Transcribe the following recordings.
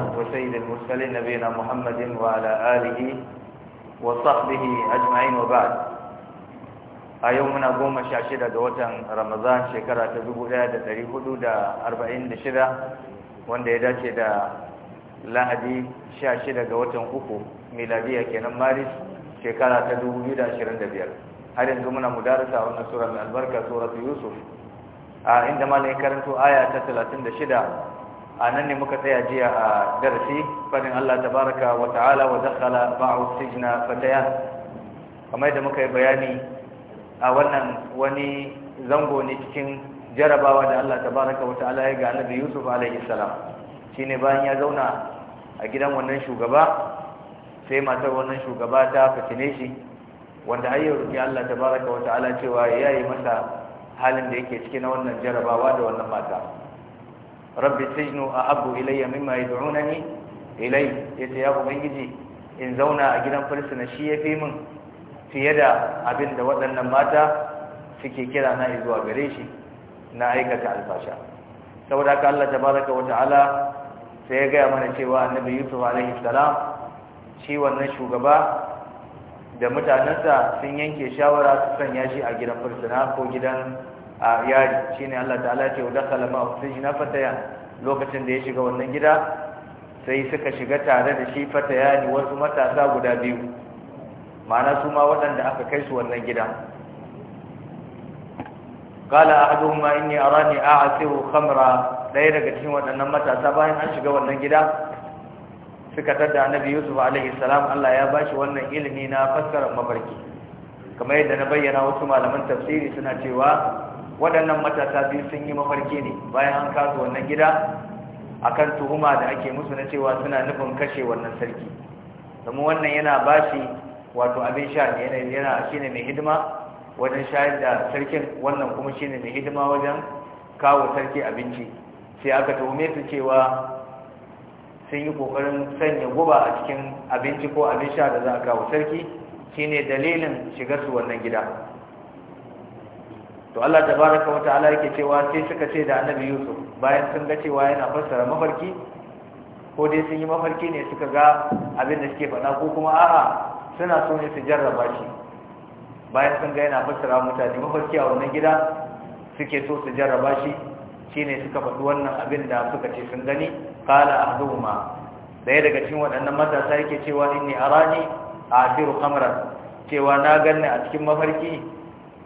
وسيد المرسلين نبينا محمد وعلى آله وصحبه أجمعين وبعد أيومنا قوم شاشدة دوتا رمضان شكرا تدوب لا تتري حدود أربعين دشدة wanda ya dace da lahadi 16 ga watan uku miladiya kenan maris shekara ta 2025 har yanzu muna mudarasa wannan sura mai albarka suratu yusuf a inda malai karanto aya ta 36 a nan ne muka tsaya jiya a darasi fadin Allah tabaraka wa ta'ala wa dakhala ba'u sijna fataya kamar da muka yi bayani a wannan wani zango ne cikin jarabawa da Allah tabaraka wa ta'ala ya ga Annabi Yusuf alaihi salam shine bayan ya zauna a gidan wannan shugaba sai matar wannan shugaba ta fitine shi wanda har yau roki Allah tabaraka wa ta'ala cewa yayi masa halin da yake na wannan jarabawa da wannan mata rabbi a abu ilayya mimma yad'unani ilai yace ya ubangiji in zauna a gidan fursuna shi ya fi min fiye da abin da waɗannan mata suke kira na zuwa gare shi na aikata alfasha saboda ka Allah ta baraka wa ta'ala sai ya gaya mana cewa annabi Yusuf alaihi salam shi wannan shugaba da mutanensa sun yanke shawara su sanya shi a gidan fursuna ko gidan a yari ne Allah ta'ala ce wa dakhala ma'a na fataya lokacin da ya shiga wannan gida sai suka shiga tare da shi fataya ne wasu matasa guda biyu ma'ana su ma waɗanda aka kai su wannan gida Kala a ma in a ahaduhuma a a a'siru kamara. ɗaya daga cikin waɗannan matasa bayan an shiga wannan gida suka a annabi yusuf alayhi salam Allah ya bashi wannan ilimi na fassarar mafarki kamar yadda na bayyana wasu malaman tafsiri suna cewa waɗannan matasa biyu sun yi mafarki ne bayan an kasu wannan gida a kan tuhuma da ake musu na cewa suna nufin kashe wannan sarki domin wannan yana bashi wato abin sha ne yana shi shine mai hidima wajen shayar da sarkin wannan kuma shine mai hidima wajen kawo sarki abinci sai aka tuhume su cewa sun yi kokarin sanya guba a cikin abinci ko abin sha da za a kawo sarki shine dalilin shigar su wannan gida to Allah tabaraka wa ta'ala yake cewa sai suka ce da annabi Yusuf bayan sun ga cewa yana fassara mafarki ko dai sun yi mafarki ne suka ga abin da suke faɗa ko kuma a'a suna so ne su jarraba shi bayan sun ga yana fassara mutane mafarki a wannan gida suke so su jarraba shi shine suka faɗi wannan abin da suka ce sun gani qala ahduhuma daya daga cikin waɗannan matasa yake cewa inni arani asiru khamran cewa na ganni a cikin mafarki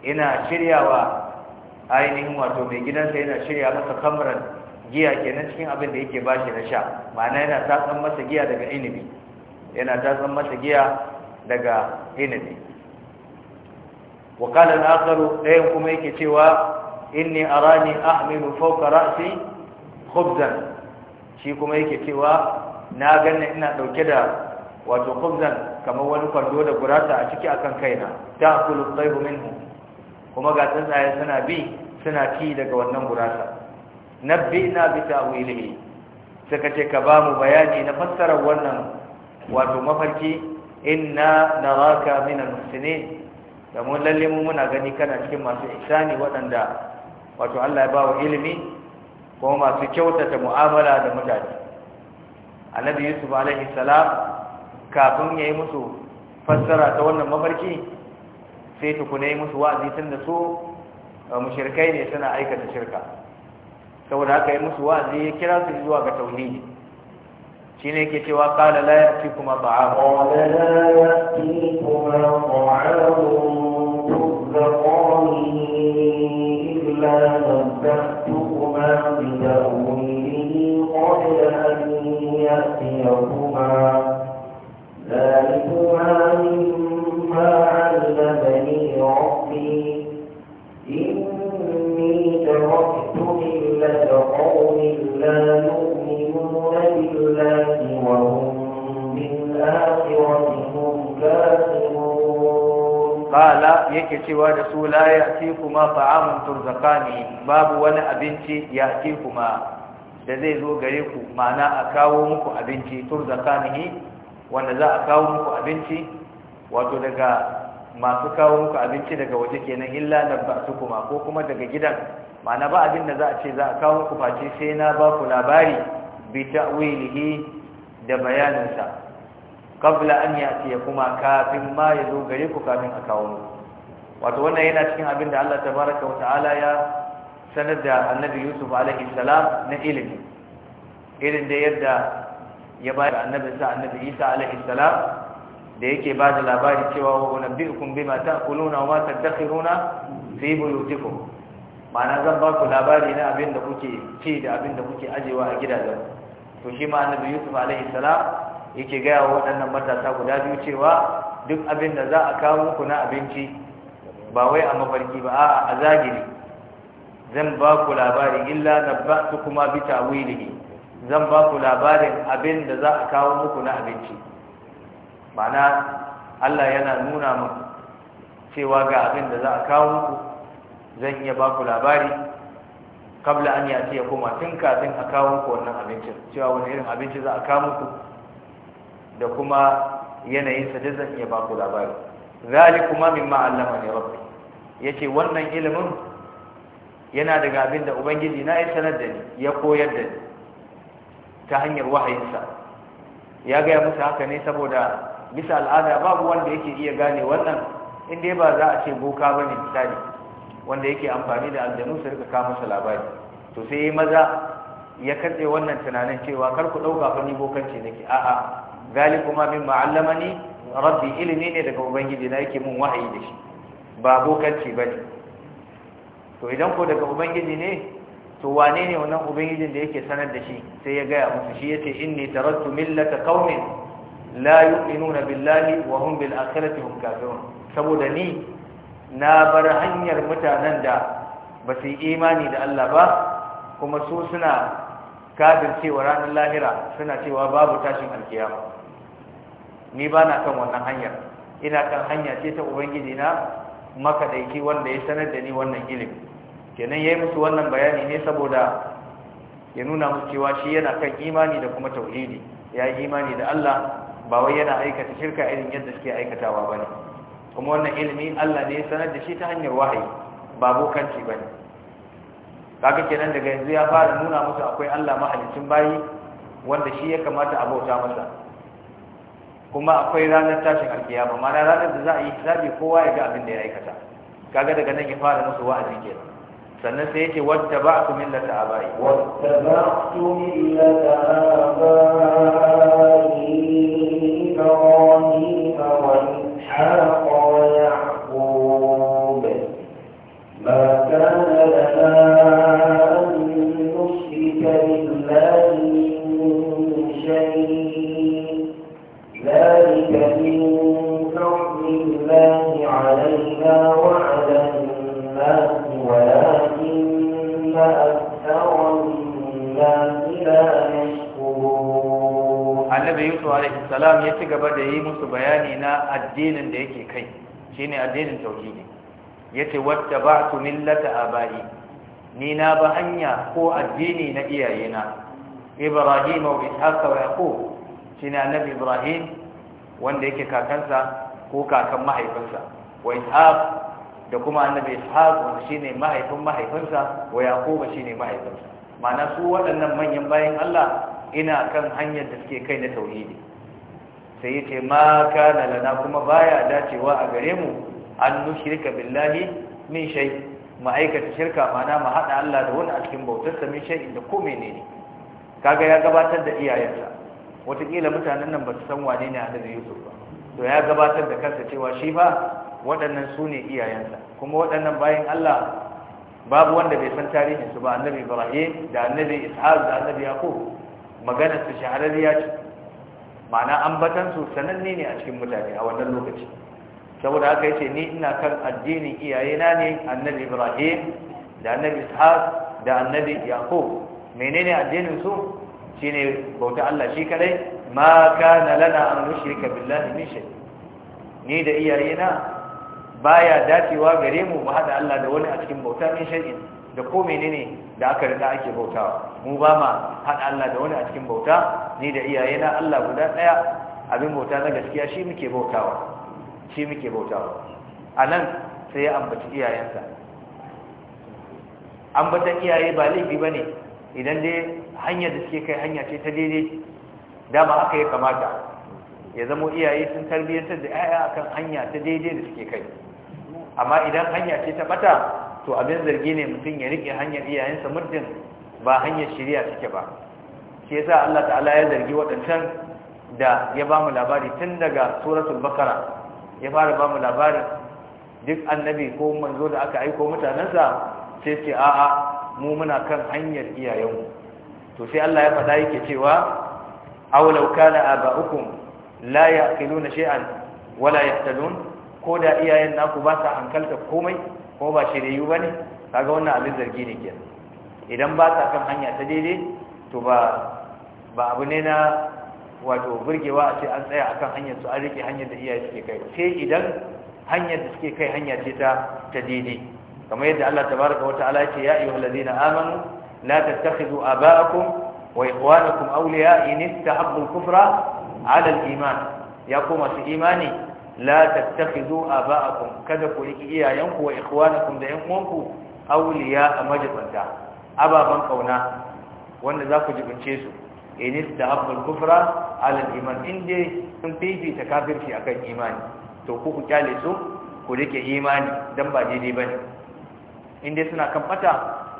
ina shiryawa ainihin wato mai gidansa yana shirya masa kamran giya kenan cikin abin da yake shi na sha ma'ana yana tatsan masa giya daga inibi yana tatsan masa giya daga inibi na akaru ɗayan kuma yake cewa inni arani ahmilu fauka ra'si khubzan shi kuma yake cewa na ganna ina ɗauke da wato khubzan kamar wani kwando da gurasa a ciki akan kaina ta kulu tayhu minhu kuma ga tsuntsaye suna bi suna ki daga wannan gurasa na bi ta'wilihi suka ce ka ba mu bayani na fassarar wannan wato mafarki inna naraka min al-muhsinin da mun lalle mu muna gani kana cikin masu ihsani waɗanda wato Allah ya ba wa ilimi kuma masu kyautata mu'amala da mutane annabi yusuf alaihi salam kafin ya yi musu fassara ta wannan mafarki sai tukuna yi musu wa'azi tun da su eh, mushirkai ne suna aikata shirka saboda haka yi musu wa'azi ya kira su zuwa ga tauhidi shine yake cewa qala kuma yatikum ta'am qala bi ذلكما من تركت ملة قوم لا يؤمنون بالله وهم بالآخرة هم كافرون قال يكتي ورسول لا يأتيكما طعام ترزقاني باب ولا أبنتي يأتيكما da zai zo gare ku ma'ana a kawo muku abinci turzakanihi wanda za a kawo muku abinci wato daga masu kawo muku abinci daga waje kenan illa na ba su kuma ko kuma daga gidan ma'ana ba abin da za a ce za a kawo ku face sai na ba ku labari bi ta'wilihi da bayaninsa qabla an yati kuma kafin ma ya zo gare ku kafin a kawo muku wato wannan yana cikin abin da Allah tabaraka wa ta'ala ya sanar da annabi Yusuf alaihi salam na ilimi irin da yadda ya bayar annabinsa annabi Isa alaihi salam da yake ba da labari cewa wa nabbi'ukum bima ta'kuluna wa ma tadakhiruna fi buyutikum ma'ana zan ba ku labari na abin da kuke ce da abin da kuke ajiyewa a gidajen to shi ma annabi yusuf alaihi salam yake gaya wa waɗannan matasa guda biyu cewa duk abin da za a kawo muku na abinci ba wai a mafarki ba a'a a zagiri zan ba ku labari illa su kuma bi ta'wilihi zan ba ku labarin abin da za a kawo muku na abinci ma'ana Allah yana nuna mu cewa ga abin da za a kawo muku zan iya ba ku labari kabla an ya ya koma tun kafin a kawo ku wannan abincin cewa wani irin abinci za a kawo muku da kuma yanayin sa zan iya ba ku labari zalikuma mimma allamani rabbi yace wannan ilimin yana daga abin da ubangiji na ya sanar da ni ya koyar da ni ta hanyar wahayinsa ya gaya musu haka ne saboda bisa al'ada babu wanda yake iya gane wannan inda ba za a ce boka ba bane misali wanda yake amfani da aljanu su rika kawo masa labari to sai maza ya katse wannan tunanin cewa kar ku ɗauka fa ni bokanci nake a'a galibu ma min ma'allamani rabbi ilimi ne daga ubangiji na yake mun wahayi da shi ba bokanci bane to idan ko daga ubangiji ne to wane ne wannan ubangijin da yake sanar da shi sai ya gaya musu shi yace inni tarattu millata qaumin la yu'minuna billahi wa hum bil akhirati hum kafirun saboda ni na bar hanyar mutanen da ba su yi imani da Allah ba kuma su suna kafin cewa ranar lahira suna cewa babu tashin alkiyama ni ba na kan wannan hanyar ina kan hanya ce ta ubangiji na makadaiki wanda ya sanar da ni wannan ilimi kenan ya yi musu wannan bayani ne saboda ya nuna musu cewa shi yana kan imani da kuma tauhidi ya yi imani da Allah ba wai yana aikata shirka irin yadda suke aikatawa ba ne kuma wannan ilimi Allah ne ya sanar da shi ta hanyar wahayi ba bokanci bane kaga kenan daga yanzu ya fara nuna musu akwai Allah mahalicin bayi wanda shi ya kamata a bauta masa kuma akwai ranar tashin alkiya ba mana ranar da za a yi hisabi kowa ya ga abin da ya aikata kaga daga nan ya fara musu wa'azi ke sannan sai yake wadda ba su millata a bayi ba su a bayi ibrahim wa ishaq salam ya ci gaba da yi musu bayani na addinin da yake kai shine addinin tauhidi yace wattaba'tu millata abai ni na ba hanya ko addini na iyayena ibrahim wa ishaq wa yaqub shine annabi ibrahim wanda yake kakansa ko kakan mahaifinsa wa ishaq da kuma annabi ishaq wanda shine mahaifin mahaifinsa wa yaqub shine mahaifinsa ma'ana su waɗannan manyan bayan Allah ina kan hanyar da suke kai na tauhidi sai yace ma kana lana kuma baya dacewa a gare mu an shirka billahi min shay ma'aikata shirka mana ma hada Allah da wani a cikin bautarsa min shay inda ko menene kaga ya gabatar da iyayensa wataƙila mutanen nan ba su san wane ne annabi Yusuf ba to ya gabatar da kansa cewa shi fa waɗannan su ne iyayensa kuma waɗannan bayan Allah babu wanda bai san tarihin su ba annabi Ibrahim da annabi Ishaq da annabi Yaqub magana su shahararriya ce ma'ana ambatan su sananne ne a cikin mutane a wannan lokaci saboda haka yace ni ina kan addinin iyayena ne annabi Ibrahim da annabi Ishaq da annabi Yaqub menene addinin su shine bauta Allah shi kare ma kana lana an nushrika billahi min shay ni da iyayena baya dacewa gare mu mu hada Allah da wani a cikin bauta min shay da ko menene da aka riga ake bautawa mu ba ma hada Allah da wani a cikin bauta ni da iyayena Allah guda daya abin bauta na gaskiya shi muke bautawa shi muke bautawa a nan sai ya ambaci iyayensa ambatan iyaye ba laifi ba ne idan dai hanyar da suke kai hanya ce ta daidai dama aka yi kamata ya zama iyaye sun tarbiyyantar da 'ya'ya akan hanya ta daidai da suke kai amma idan hanya ce ta bata to abin zargi ne mutum ya rike hanyar iyayensa murdin ba hanyar shirya suke ba shi yasa Allah ta'ala ya zargi waɗancan da ya ba mu labari tun daga suratul bakara ya fara ba mu labarin duk annabi ko manzo da aka aiko mutanensa sai ce a'a mu muna kan hanyar iyayenmu to sai Allah ya faɗa yake cewa aw law kana aba'ukum la yaqiluna shay'an wala yahtadun ko da iyayen naku ba sa hankalta komai ko ba shiriyu bane kaga wannan abin zargi ne kenan idan ba sa kan hanya ta daidai to ba ba abu ne na wato burgewa a ce an tsaya akan hanyar su an rike hanyar da iyaye suke kai sai idan hanyar da suke kai hanya ce ta ta daidai kamar yadda Allah tabaraka wa ta'ala yake ya ayyuhal ladina amanu la tattakhidhu aba'akum wa ikhwanakum awliya in istahabbu al-kufra 'ala al-iman ya kuma su imani la tattakhidhu aba'akum kada ku rike iyayenku wa ikhwanakum da yan uwanku awliya a majibanta ababan kauna wanda za ku jibince su in istahabbu al-kufra ala iman in dai sun fifita kafirci akan imani to ku ku kyale su ku rike imani dan ba daidai bane in dai suna kan fata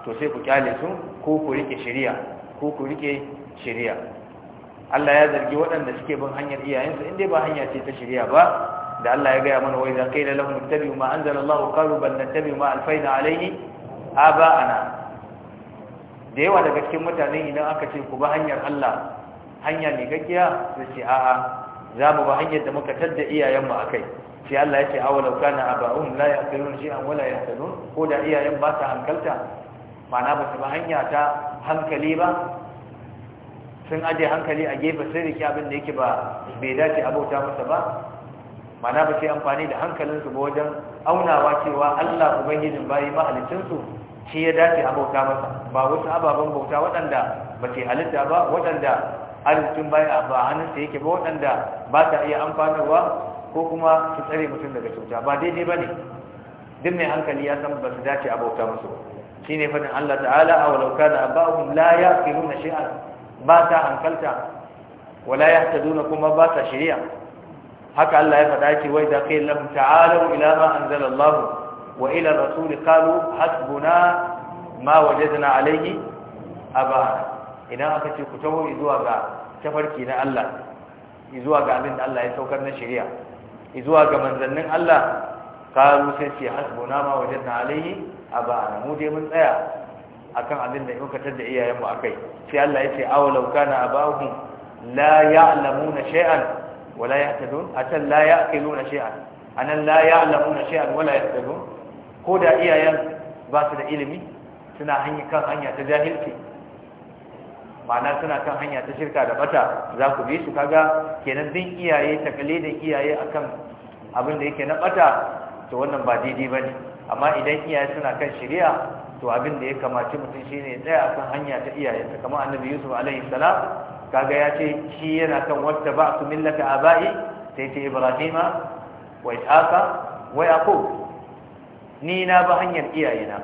to sai ku kyale su ko ku rike shari'a ko ku rike shari'a Allah ya zargi waɗanda suke bin hanyar iyayensu in dai ba hanya ce ta shari'a ba da Allah ya gaya mana wai da kaila lahum tabi'u ma anzalallahu qalu bal nattabi'u ma alfayna alayhi ana da yawa daga cikin mutane idan aka ce ku ba hanyar Allah hanya mai gaggiya su ce a'a za mu ba hanyar da muka tadda iyayenmu a kai sai Allah ya ce awalau kana aba'um la shi shay'an wala yahtadun ko da iyayen ba ta hankalta mana ba su ba hanya ta hankali ba sun aje hankali a gefe sun rike abin da yake ba bai dace abota masa ba mana ba sai amfani da hankalinsu ba wajen aunawa cewa Allah ubangijin bayi mahalicinsu shi ya dace abota masa ba wasu ababen bauta waɗanda ba ke halitta ba waɗanda arzikin baya ba hannunsa yake ba waɗanda ba ta iya amfanarwa ko kuma su tsare mutum daga cuta ba daidai ba ne duk mai hankali ya san ba su dace a bauta musu shi ne fadin Allah ta'ala a walauka da abahun la ya fi nuna shi'ar ba ta hankalta wala ya ta duna kuma ba ta shirya haka Allah ya faɗa ce wai da kai lam ta'alau ila ma anzala Allah wa ila rasul qalu hasbuna ma wajadna alayhi abana idan aka ce ku taho zuwa ga tafarki na Allah zuwa ga abin da Allah ya saukar na shari'a zuwa ga manzannin Allah kalu sai ce hasbuna ma wajadna alaihi aba mu dai mun tsaya akan abin da muka tada iyayenmu akai sai Allah ya ce aw law kana abahu la ya'lamuna shay'an wala yahtadun atan la ya'qiluna shay'an anan la ya'lamuna shay'an wala yahtadun ko da iyayen ba su da ilimi suna hanyar kan hanya ta jahilci ma'ana suna kan hanya ta shirka da bata za ku bi su kaga kenan din iyaye takalidin iyaye akan abin da yake na bata to wannan ba daidai ba ne amma idan iyaye suna kan shari'a to abin da ya kamaci mutum shi ne tsaya akan hanya ta iyaye ta kamar annabi Yusuf alayhi salam kaga ya ce shi yana kan wata ba su a abai sai ce Ibrahima wa ishaka wa Yaqub ni na ba hanyar iyayena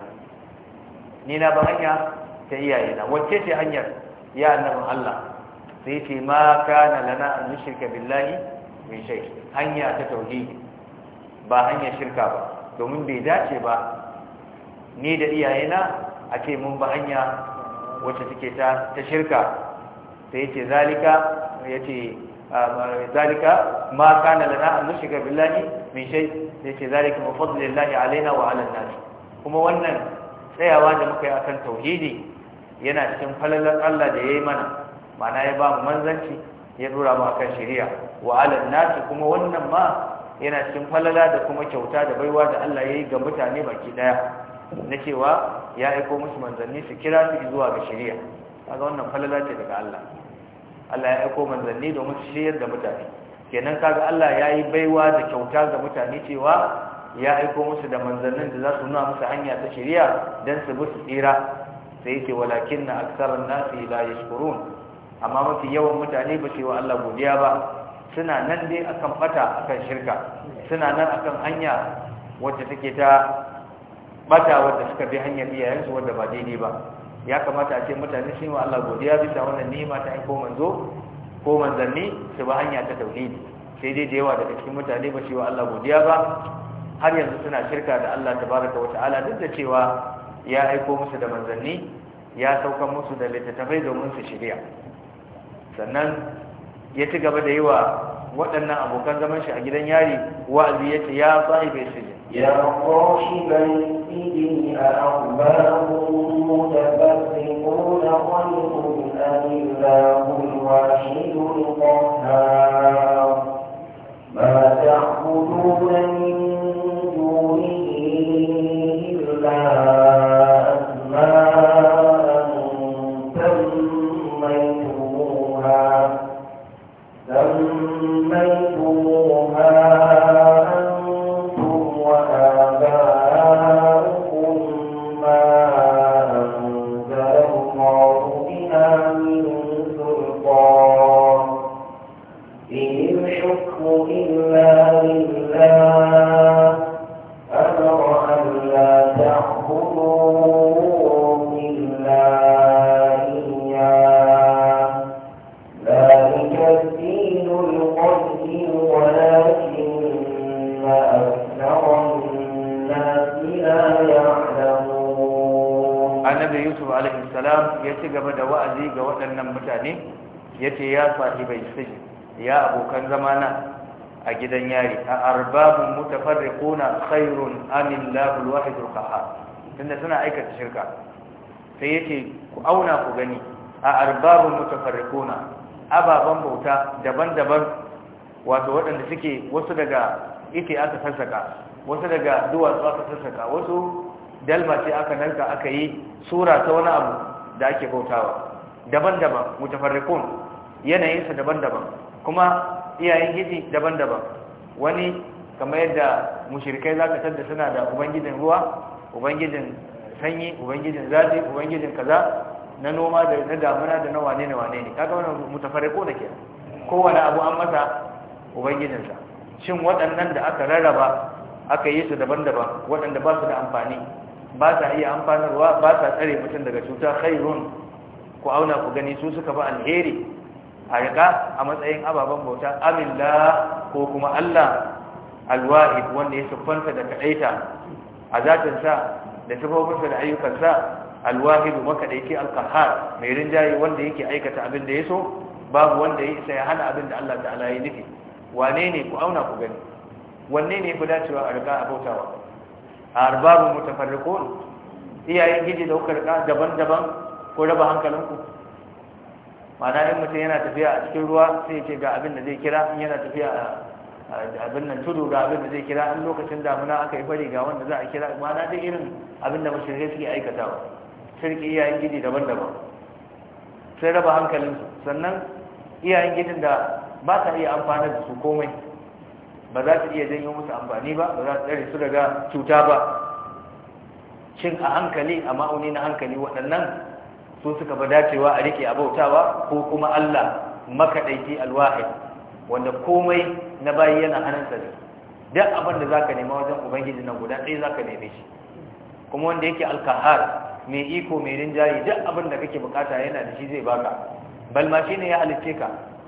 ni na ba hanya ta iyayena wacce ce hanyar ya annabin Allah sai ce ma kana lana an shirka billahi min shay hanya ta tauhidi ba hanya shirka ba domin bai dace ba ni da iyayena ake mun ba hanya wacce take ta ta shirka sai yace zalika yace ah, zalika ma kana lana an shirka billahi min shay yace zalika min fadlillahi alaina wa ala nas kuma wannan tsayawa da muka yi akan tauhidi yana cikin falalar Allah da ya yi mana mana ya ba mu manzanci ya dora mu akan shari'a wa alal nasi kuma wannan ma yana cikin falala da kuma kyauta da baiwa da Allah ya yi ga mutane baki daya na cewa ya aiko musu manzanni su kira su zuwa ga shari'a kaga wannan falala ce daga Allah Allah ya aiko manzanni domin su shiryar da mutane kenan kaga Allah ya yi baiwa da kyauta ga mutane cewa ya aiko musu da manzannin da za su nuna musu hanya ta shari'a don su bi su tsira sai yake walakin na aksarar nasi la yashkurun amma mafi yawan mutane ba su yi wa Allah godiya ba suna nan dai akan bata akan shirka suna nan akan hanya wacce take ta bata wacce suka bi hanyar iyayensu wadda ba daidai ba ya kamata a ce mutane su yi wa Allah godiya bisa wannan ni'ima ta aiko manzo ko manzanni su ba hanya ta tauhidi sai dai da yawa daga cikin mutane ba su yi wa Allah godiya ba har yanzu suna shirka da Allah tabaraka wa ta'ala duk da cewa ya aiko musu da manzanni ya sauka musu da littattafai domin su shirya sannan ya ci gaba da yi wa waɗannan abokan zaman shi a gidan yari wa'azi ya ce ya sahi bai shi ya ƙoshi bai tsiri a akbarun mutabbatin kuna wani ƙunani lahun washidun ƙwanar ba ta hudu na min duniya annabi yusuf alaihi salam ya ci gaba da wa'azi ga waɗannan mutane Ya ce ya bai sai ya abokan zamana a gidan yari a mutafarri kuna khairun amin lahul wahidul qahhar tunda suna aikata shirka sai ce ku auna ku gani a mutafarri kuna ababan bauta daban-daban wato waɗanda suke wasu daga ita aka sassaka wasu daga duwatsu aka sassaka wasu dalma ce aka nanka aka yi sura ta wani abu da ake bautawa daban-daban mutafarrikun yanayinsa daban-daban kuma iyayen gidi daban-daban wani kamar yadda mushirikai za ka tadda suna da ubangijin ruwa ubangijin sanyi ubangijin zafi ubangijin kaza na noma da na damuna da na wane na wane ne kaga wannan mutafarriko da ke kowane abu an masa ubangijinsa shin waɗannan da aka rarraba aka yi su daban-daban waɗanda ba su da amfani ba sa iya amfanarwa ba sa tsare mutum daga cuta khairun ku auna ku gani su suka ba alheri a riƙa a matsayin ababen bauta amilla ko kuma Allah alwahid wanda ya siffanta da kaɗaita a zatinsa da siffofinsa da ayyukansa alwahidu makaɗaici alkahar mai rinjaye wanda yake aikata abin da ya so babu wanda ya isa ya hana abin da Allah ta'ala ya nufi wane ne ku auna ku gani wanne ne ku dacewa a riga a bautawa arbabun mutafarriqun iyayen gidi da kuka riga daban-daban ko raba hankalinku ma'ana in mutum yana tafiya a cikin ruwa sai ce ga abin da zai kira in yana tafiya a abin nan tudu ga abin da zai kira in lokacin damuna aka yi fari ga wanda za a kira ma'ana duk irin abin da mashirkai suke aikatawa shirki iyayen gidi daban-daban sai raba hankalinsu sannan iyayen gidin da ba ta iya amfanar da su komai ba za su iya janyo musu amfani ba ba za su tsare su daga cuta ba shin a hankali a ma'auni na hankali waɗannan su suka ba dacewa a rike abautawa ko kuma Allah makaɗaici alwahi wanda komai na bayi yana hannunsa ne duk abin da za ka nema wajen ubangiji na guda ɗaya za ka neme shi kuma wanda yake alkahar mai iko mai rinjaye duk abin da kake bukata yana da shi zai baka balma shi ne ya halitce ka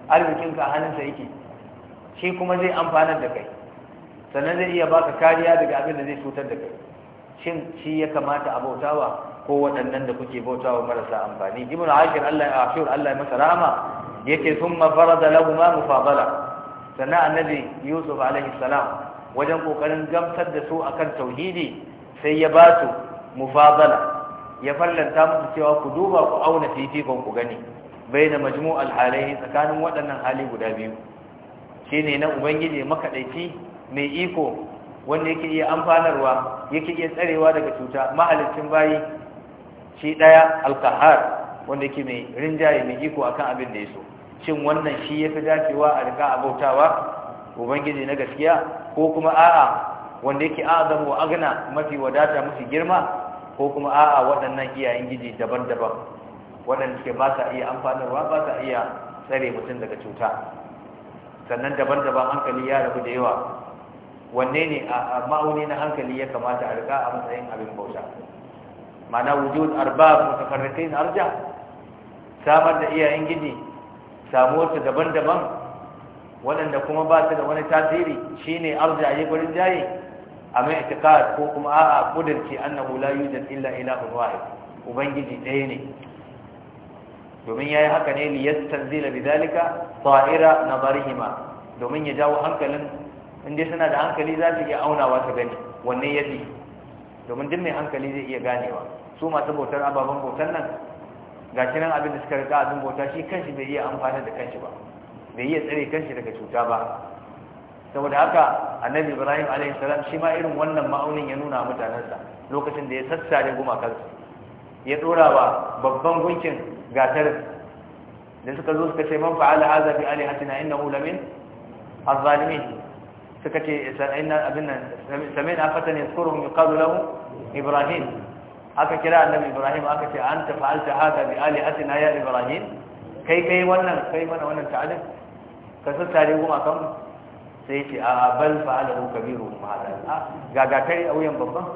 arzikinka a hannunsa yake shi kuma zai amfanar da kai sannan zai iya baka kariya daga abin da zai cutar da kai shin shi ya kamata a bautawa ko waɗannan da kuke bautawa marasa amfani ibnu ashir Allah ya ashur Allah ya masa rahama yake thumma farada lahu ma mufadala sannan annabi yusuf alaihi salam wajen kokarin gamsar da su akan tauhidi sai ya ba su mufadala ya fallanta musu cewa ku duba ku auna fifikon ku gani bai da majmu tsakanin waɗannan hali guda biyu ne na ubangiji makaɗaki mai iko wanda yake iya amfanarwa yake iya tsarewa daga cuta mahalicin bayi shi ɗaya alkahar wanda yake mai rinjaye mai iko akan abin da ya so shin wannan shi ya fi dacewa a riga abautawa ubangiji na gaskiya ko kuma a'a wanda yake azamu wa agna mafi wadata mafi girma ko kuma a'a waɗannan iyayen giji daban-daban waɗanda ke ba sa iya amfanarwa ba sa iya tsare mutum daga cuta sannan daban-daban hankali ya rabu da yawa wanne ne a ma'auni na hankali ya kamata a riga a matsayin abin bauta mana wujud arbab mutafarrikin arja samar da iyayen gidi samuwar daban-daban waɗanda kuma ba su da wani tasiri shine arja yi gurin jaye a mai itikad ko kuma a'a kudirce annahu la yujad illa ilahun wahid ubangiji ɗaya ne domin ya yi haka ne li bizalika fa’ira na barihima domin ya jawo hankalin inda suna da hankali za su iya aunawa su gani wanne ya fi? domin duk mai hankali zai iya ganewa su masu bautar ababen bautar nan ga shi nan abin da suka rika abin bauta shi kanshi bai iya amfana da kanshi ba bai iya tsare kanshi daga cuta ba saboda haka annabi ibrahim alaihissalam shi ma irin wannan ma'aunin ya nuna mutanensa lokacin da ya sassare gumakansu ya dora wa babban gunkin gatar da suka zo suka ce man fa'ala hadha bi alihatina innahu lamin az-zalimin suka ce sa'inna abinna sami'na fatan yadhkuruhum yuqalu lahu ibrahim aka kira annabi ibrahim aka ce anta fa'alta hadha bi alihatina ya ibrahim kai kai wannan kai mana wannan ta'alif ka san sassare kuma kan sai ce a bal fa'alahu kabiru ma'ala ah, ga gatar a wuyan babban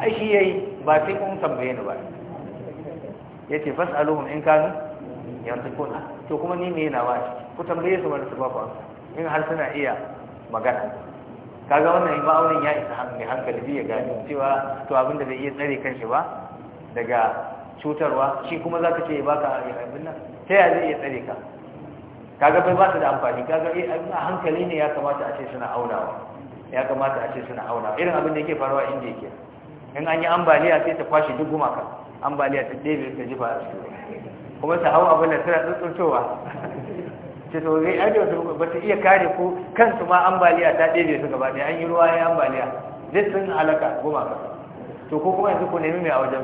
ai shi yayi ba sai kun tambaye ni ba yace fas'aluhum in kanu yantiquna to kuma ni me yana washi ku tambaye su wani su ba ku in har suna iya magana kaga wannan ma'aunin ya isa hankali hankali ya gani cewa to abinda bai iya tsare kanshi ba daga cutarwa shi kuma zaka ce ya baka abin nan ta ya zai iya tsare ka kaga bai ba su da amfani kaga eh, a hankali ne ya kamata a ce suna aunawa ya kamata a ce suna aunawa irin abin da yake faruwa inda yake in an yi ambaliya sai ta kwashe duk gumaka ambaliya ta ɗebe ta jifa a su kuma ta hau abin da suna tsuntsuntowa ce to zai ajiye su ba su iya kare ko kansu ma ambaliya ta ɗebe su gaba ɗaya an yi ruwa ya ambaliya zai sun halaka goma ka to ko kuma yanzu ku nemi mai a wajen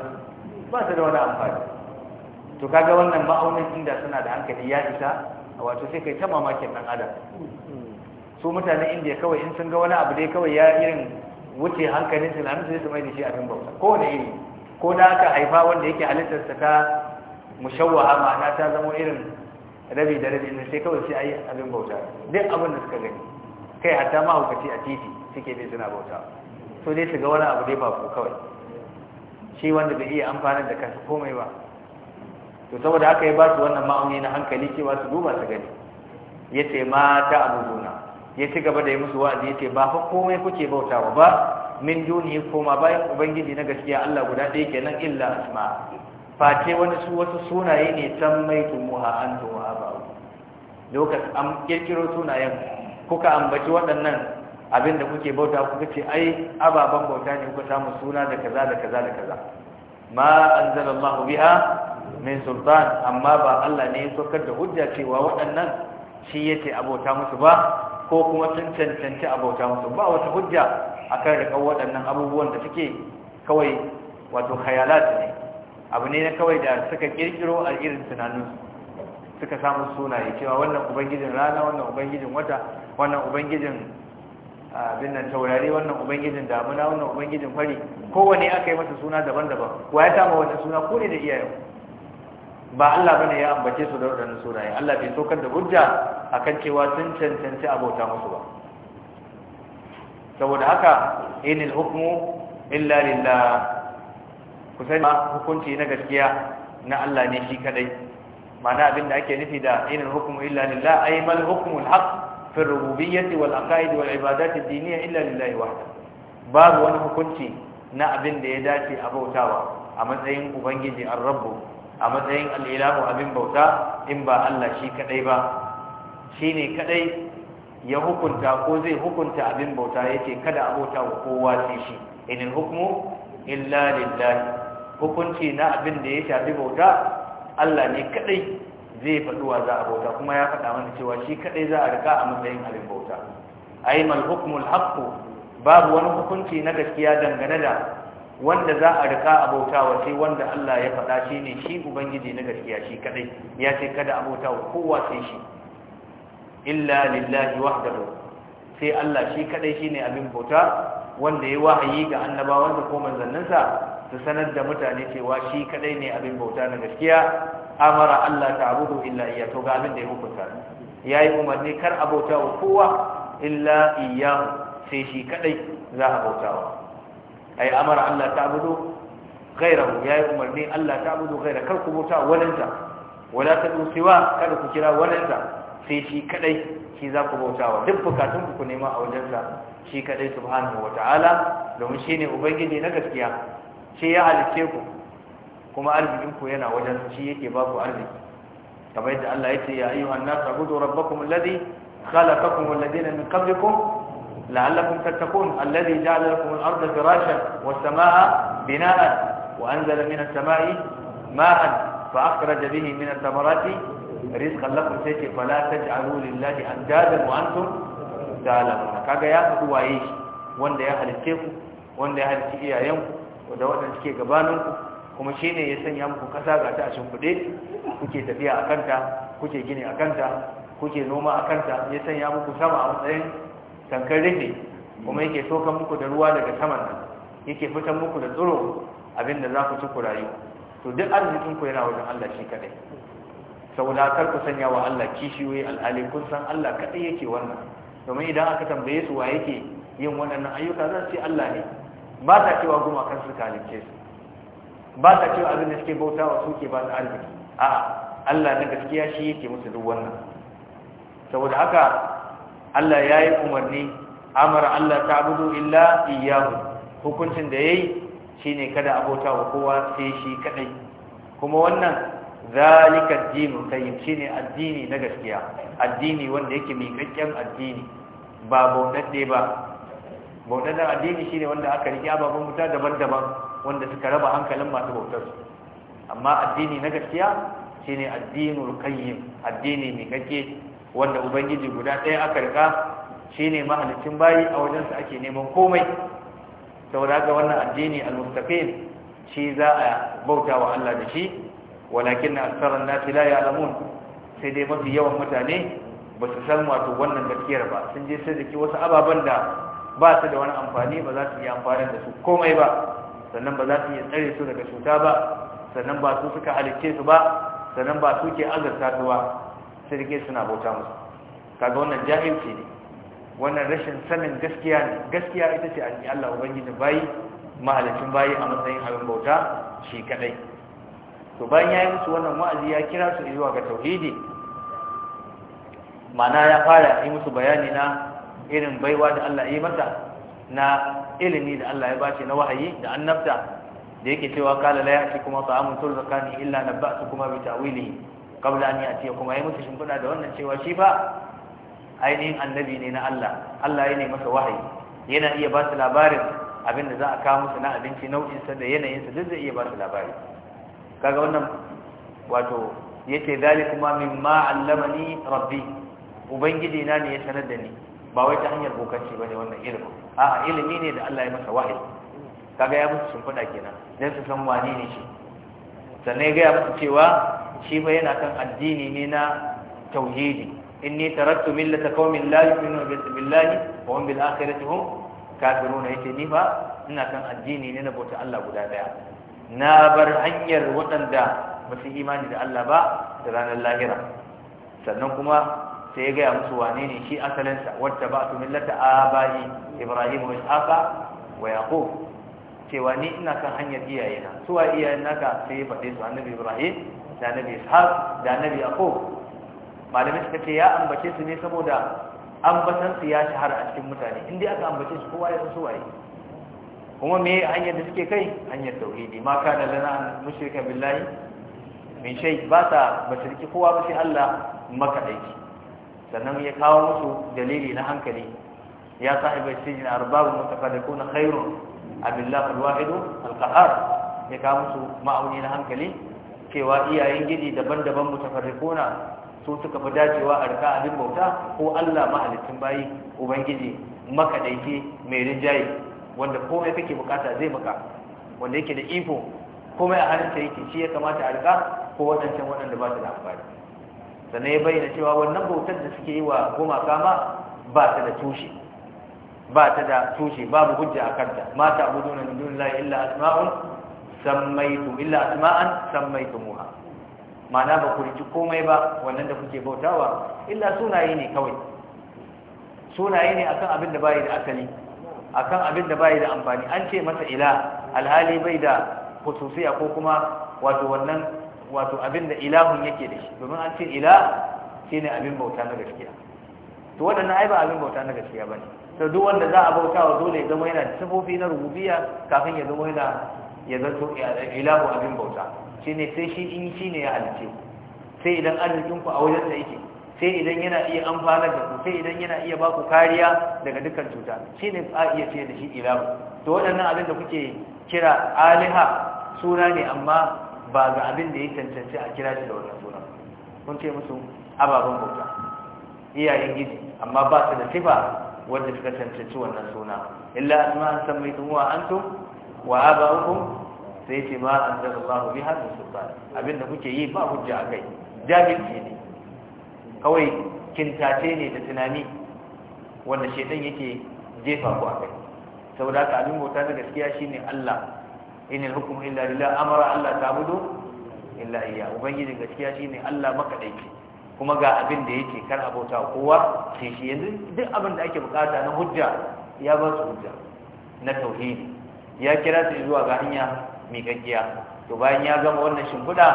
ba su da wani amfani to kaga wannan ma'aunin inda suna da hankali ya isa wato sai kai ta mamakin ɗan adam su mutanen indiya kawai in sun ga wani abu dai kawai ya irin wuce hankalin tunanin su su mai da shi abin bauta kowane iri ko da aka haifa wanda yake halittarsa ta mushawwaha ma'ana ta zama irin rabi da rabi sai kawai sai ayi abin bauta duk abin da suka gani kai hatta hukaci a titi suke bin suna bauta so dai su ga wani abu dai ba ku kawai shi wanda bai iya amfani da kansa komai ba to saboda haka ya ba su wannan ma'auni na hankali cewa su duba su gani yace mata ta abuduna ya ci gaba da yi musu wa'azi yace ba fa komai kuke bautawa ba min duni koma bayan ubangiji na gaskiya Allah guda ɗaya kenan illa asma face wani su wasu sunaye ne tan mai tumuha an tumuha ba lokacin an kirkiro sunayen kuka ambaci waɗannan abin da kuke bauta kuka ce ai ababen bauta ne kuka samu suna da kaza da kaza da kaza ma anzalallahu biha min sultan amma ba Allah ne ya sokar da hujja cewa waɗannan shi yace abota musu ba ko kuma sun cancanci abota musu ba wata hujja kan rikon waɗannan abubuwan da suke kawai wato khayalat ne abu ne na kawai da suka kirkiro a irin tunanin suka samu sunaye cewa wannan ubangijin rana wannan ubangijin wata wannan ubangijin abin nan taurari wannan ubangijin damuna wannan ubangijin fari kowane aka yi masa suna daban-daban wa ya samu wata suna ko ne da iyayen ba Allah bane ya ambace su da wadannan sunaye Allah bai sokar da hujja akan cewa sun cancanci abota musu ba saboda haka inil hukmu illa lillah ku sani hukunci na gaskiya na Allah ne shi kadai mana abinda ake nufi da inil hukmu illa lillah ay mal hukmu alhaq fi rububiyyati wal aqaid wal ibadat ad-diniyya illa lillah wahda babu wani hukunci na abin da ya dace a bautawa a matsayin ubangiji ar-rabb a matsayin al-ilahu abin bauta in ba Allah shi kadai ba shine kadai ya hukunta ko zai hukunta abin bauta ce kada a bauta wa kowa sai shi inil hukmu illa lillahi hukunci na abin da ya shafi bauta Allah ne kadai zai faduwa za a bauta kuma ya faɗa mana cewa shi kadai za a rika a matsayin abin bauta hukmu al haqq babu wani hukunci na gaskiya dangane da wanda za a rika wa sai wanda Allah ya faɗa shi ne shi ubangiji na gaskiya shi kadai ya ce kada wa kowa sai shi illa lillahi wahdahu sai Allah shi kadai shine abin bauta wanda ya wahayi ga annabawan da ko manzanninsa su sanar da mutane cewa shi kadai ne abin bauta na gaskiya amara Allah ta'budu illa iyyahu ga abin da ya hukunta yayi umarni kar a bauta wa kowa illa iyyahu sai shi kadai za a bauta wa ai amara Allah ta'budu ghayrahu yayi umarni Allah ta'budu ghayra kar ku bauta walinta wala tadu siwa kada ku kira walinta sai shi kadai shi za ku bautawa duk bukatun ku nema a wajensa shi kadai subhanahu ta'ala domin shi ne ubangiji na gaskiya shi ya halice ku kuma arzikin yana wajen shi yake ba ku arziki kamar yadda Allah ya ce ya ayyuhan nas abudu rabbakum alladhi khalaqakum walladhina min qablikum لعلكم تتقون الذي جعل لكم الأرض wa anzala بناء وأنزل من السماء ماء فأخرج به من الثمرات rizqan lakum sai ce fala taj'alu lillahi andadan wa antum ta'lamun kaga ya faɗi waye wanda ya halitte ku wanda ya halitti iyayenku da waɗanda suke gabaninku kuma shi ne ya sanya muku ƙasa ga ta a shimfiɗe kuke tafiya a kanta kuke gini a kanta kuke noma a kanta ya sanya muku sama a matsayin tankar rufe kuma yake sokan muku da ruwa daga saman nan yake fitan muku da tsoro, abinda za ku ci ku rayu to duk arzikinku yana wajen Allah shi kaɗai saboda kar ku sanya wa Allah kishiyoyi al'ali kun san Allah kadai yake wannan domin idan aka tambaye su wa yake yin waɗannan ayyuka zan ce Allah ne ba ta cewa kan su kalince su ba ta cewa abin da suke bautawa su ke ba su arziki a'a Allah na gaskiya shi yake musu duk wannan saboda haka Allah ya yi umarni amara Allah ta abudu illa iyahu hukuncin da ya yi shi ne kada a bautawa kowa sai shi kadai kuma wannan zalika addinu qayyim shine addini na gaskiya addini wanda yake miƙaƙƙen addini ba bauɗaɗɗe ba bauɗaɗɗen addini shine wanda aka riƙe ababen wuta daban-daban wanda suka raba hankalin masu bautar su amma addini na gaskiya shine addinul kayyim addini miƙaƙƙe wanda ubangiji guda ɗaya aka rika shine mahalicin bayi a wajen sa ake neman komai saboda ga wannan addini al-mustaqim shi za a bauta wa Allah da shi walakin na nasi la al'amun sai dai mafi yawan mutane ba su san wato wannan gaskiyar ba sun je sai jiki wasu ababen da ba su da wani amfani ba za su yi amfani da su komai ba sannan ba za su iya tsare su daga cuta ba sannan ba su suka halicce su ba sannan ba su ke azarta tuwa sai jiki suna bauta musu kaga wannan jahilci ne wannan rashin sanin gaskiya ne gaskiya ita ce a yi Allah ubangiji bayi mahalicin bayi a matsayin abin bauta shi kadai to bayan ya yi musu wannan wa'azi ya kira su zuwa ga tauhidi mana ya fara yi musu bayani na irin baiwa da Allah yi mata na ilimi da Allah ya bace na wahayi da annabta da yake cewa kala la ya'ti kuma ta'amun turzakani illa nabba'tu kuma bi ta'wilihi qabla an ya'ti kuma yi musu shimfida da wannan cewa shi fa ainihin annabi ne na Allah Allah ya ne masa wahayi yana iya ba su labarin abin da za a kawo musu na abinci nau'insa da yanayinsa duk zai iya ba su labari kaga wannan wato yace zalikuma mimma allamani rabbi ubangiji na ne ya sanar da ni ba wai ta hanyar bokanci bane wannan ilimi a'a ilimi ne da Allah ya masa wahayi kaga ya musu shimfiɗa kenan dan su san wani ne shi sannan ya ga musu cewa shi ba yana kan addini ne na tauhidi inni taraktu millata qaumin la yu'minu billahi wa hum bil akhirati hum kafiruna yace ni ba ina kan addini ne na bauta Allah guda daya na bar hanyar waɗanda ba su imani da Allah ba da ranar lahira sannan kuma sai ya gaya musu wane ne shi asalinsa Wacce ba su millata bayi ibrahim wa ishaqa wa yaqub cewa ni ina kan hanyar iyayena suwa iyayen naka sai ya faɗe su annabi ibrahim da annabi ishaq da annabi yaqub malamin suka ce ya ambace su ne saboda ambatan su ya shahara a cikin mutane in dai aka ambace su kowa ya san waye? kuma me hanyar da suke kai hanyar tauhidi ma kana lana mushrika billahi min shay ba ta ba shirki kowa ba sai Allah maka daiki sannan ya kawo musu dalili na hankali ya sahibi sijin arbabun mutafadikuna khairun abillahi alwahid alqahar ya kawo musu ma'auni na hankali cewa iyayen gidi daban-daban mutafarriquna su suka fi dacewa a rika abin bauta ko Allah mahalicin bayi ubangiji maka daiki mai rijayi wanda komai kake bukata zai maka wanda yake da iko komai a halin yake shi ya kamata a rika ko waɗancan waɗanda ba su da amfani sannan ya bayyana cewa wannan bautar da suke yi wa gumaka ma ba ta da tushe ba ta da tushe babu hujja a kanta mata abudu na min dunillahi illa asma'un sammaitu illa asma'an sammaitumuha ma'ana ba ku riki komai ba wannan da kuke bautawa illa sunaye ne kawai sunaye ne akan abin da bai da asali akan abin da bai da amfani an ce masa ila alhali bai da khususiya ko kuma wato wannan wato abin da ilahun yake da shi domin an ce ila shine abin bauta na gaskiya to waɗannan ai ba abin bauta na gaskiya bane to duk wanda za a bauta wa dole ya zama yana da sifofi na rububiyya kafin ya zama yana ya zato ilahu abin bauta shine sai shi in shine ya halice sai idan arzikin ku a wajen da yake sai idan yana iya amfanar da ku sai idan yana iya baku kariya daga dukkan cuta shi ne a iya ce da shi ilahu to waɗannan abin da kuke kira aliha suna ne amma ba ga abin da ya cancanci a kira shi da wannan suna kun ce musu ababen bauta iyayen gidi amma ba su da sifa wanda suka cancanci wannan suna illa asma an san mai tumuwa an tum wa aba'ukum sai ce ma an zara bi har min ba abin da kuke yi ba hujja akai jahilci ne kawai kintace ne da tunani wanda shaidan yake jefa ku akai saboda haka abin bauta da gaskiya shine Allah inil hukmu illa lillah amara Allah ta'budu illa iyya Ubangiji gaskiya shine Allah makadaici kuma ga abin da yake kar abota kowa sai shi yanzu duk abin da ake bukata na hujja ya ba su hujja na tauhidi ya kira su zuwa ga hanya gaggiya to bayan ya gama wannan shimfiɗa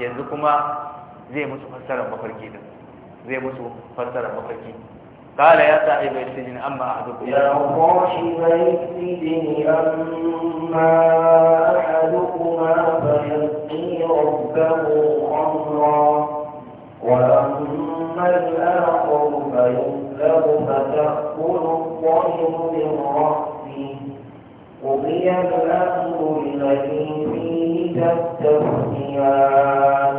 yanzu kuma zai musu fassara mafarki din zai musu fassara mafarki قال يا صاحب السجن أما أحدكم يا صاحب السجن أما أحدكما فيسقي ربه خمرا وأما الآخر فيسلب فتأكل الطير من رأسه قضي الأمر الذي فيه تستفتيان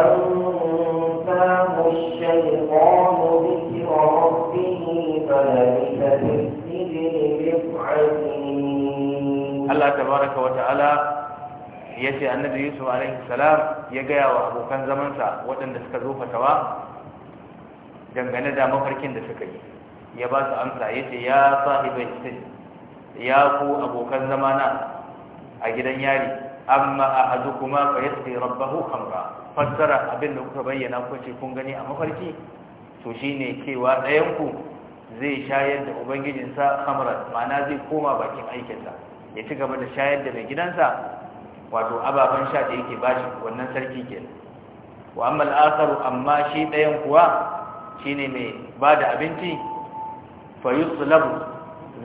ya ce annabi yusuf alaihi salam ya gaya wa abokan zamansa waɗanda suka zo fatawa dangane da mafarkin da suka yi ya ba su amsa ya ce ya sahibai sin ya ku abokan zamana a gidan yari amma a hadu kuma fa yasqi rabbahu khamra fassara abin da kuka bayyana ko ce kun gani a mafarki to shine cewa ɗayan ku zai shayar da ubangijinsa khamra ma'ana zai koma bakin aikinsa ya ci gaba da shayar da mai gidansa wato ababen sha da yake bashi wannan sarki kenan wa amma al'akaru amma shi ɗayan kuwa shine mai ba da abinci fayusulabu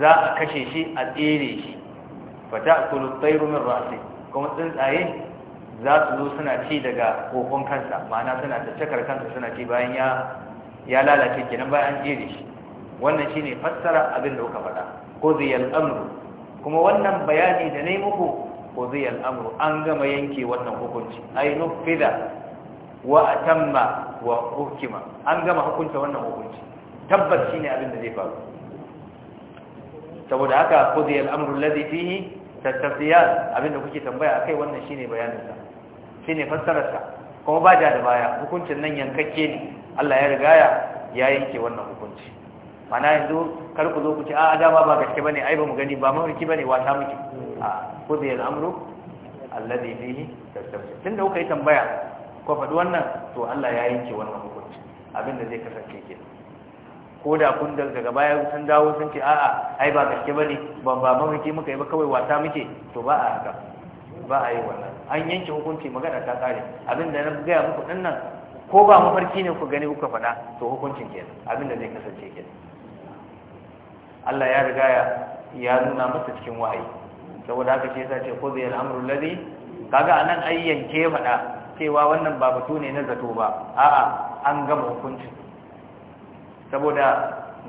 za a kashe shi a tsere shi fata kuluttairu min rasi kuma tsuntsaye za su zo suna ci daga kokon kansa ma'ana suna cakar kansa suna ci bayan ya lalace kenan bayan an tsere shi wannan shine fassara abin da kuka faɗa ko ziyal amru kuma wannan bayani da na yi muku qudiya al-amru an gama yanke wannan hukunci ay nufida wa atamma wa hukima an gama hukunta wannan hukunci tabbas shine abin da zai faru saboda haka qudiya al-amru alladhi fihi tatafiyan abin da kuke tambaya akai wannan shine bayanin sa shine fassarar sa kuma ba da baya hukuncin nan yankakke ne Allah ya rigaya ya yanke wannan hukunci mana yanzu kar ku zo ku ce a dama ba gaske bane ai ba mu gani ba mafarki bane wata muke a kudi al'amru alladhi fihi Tun tunda kuka yi tambaya ko faɗi wannan to Allah ya yanke wannan hukunci abinda zai kasance ke ko da kun daga baya sun dawo sun ce a'a ai ba gaske bane ba ba mafarki muka yi ba kawai wata muke to ba a haka ba a yi wannan an yanke hukunci magana ta kare abinda na gaya muku dinnan ko ba mafarki ne ku gani kuka faɗa to hukuncin kenan abinda zai kasance kenan Allah ya riga ya nuna masa cikin wahayi saboda haka shi yasa ce ko zai al'amru ladhi kaga anan yanke fada cewa wannan ba batu ne na zato ba a'a an gama hukunci saboda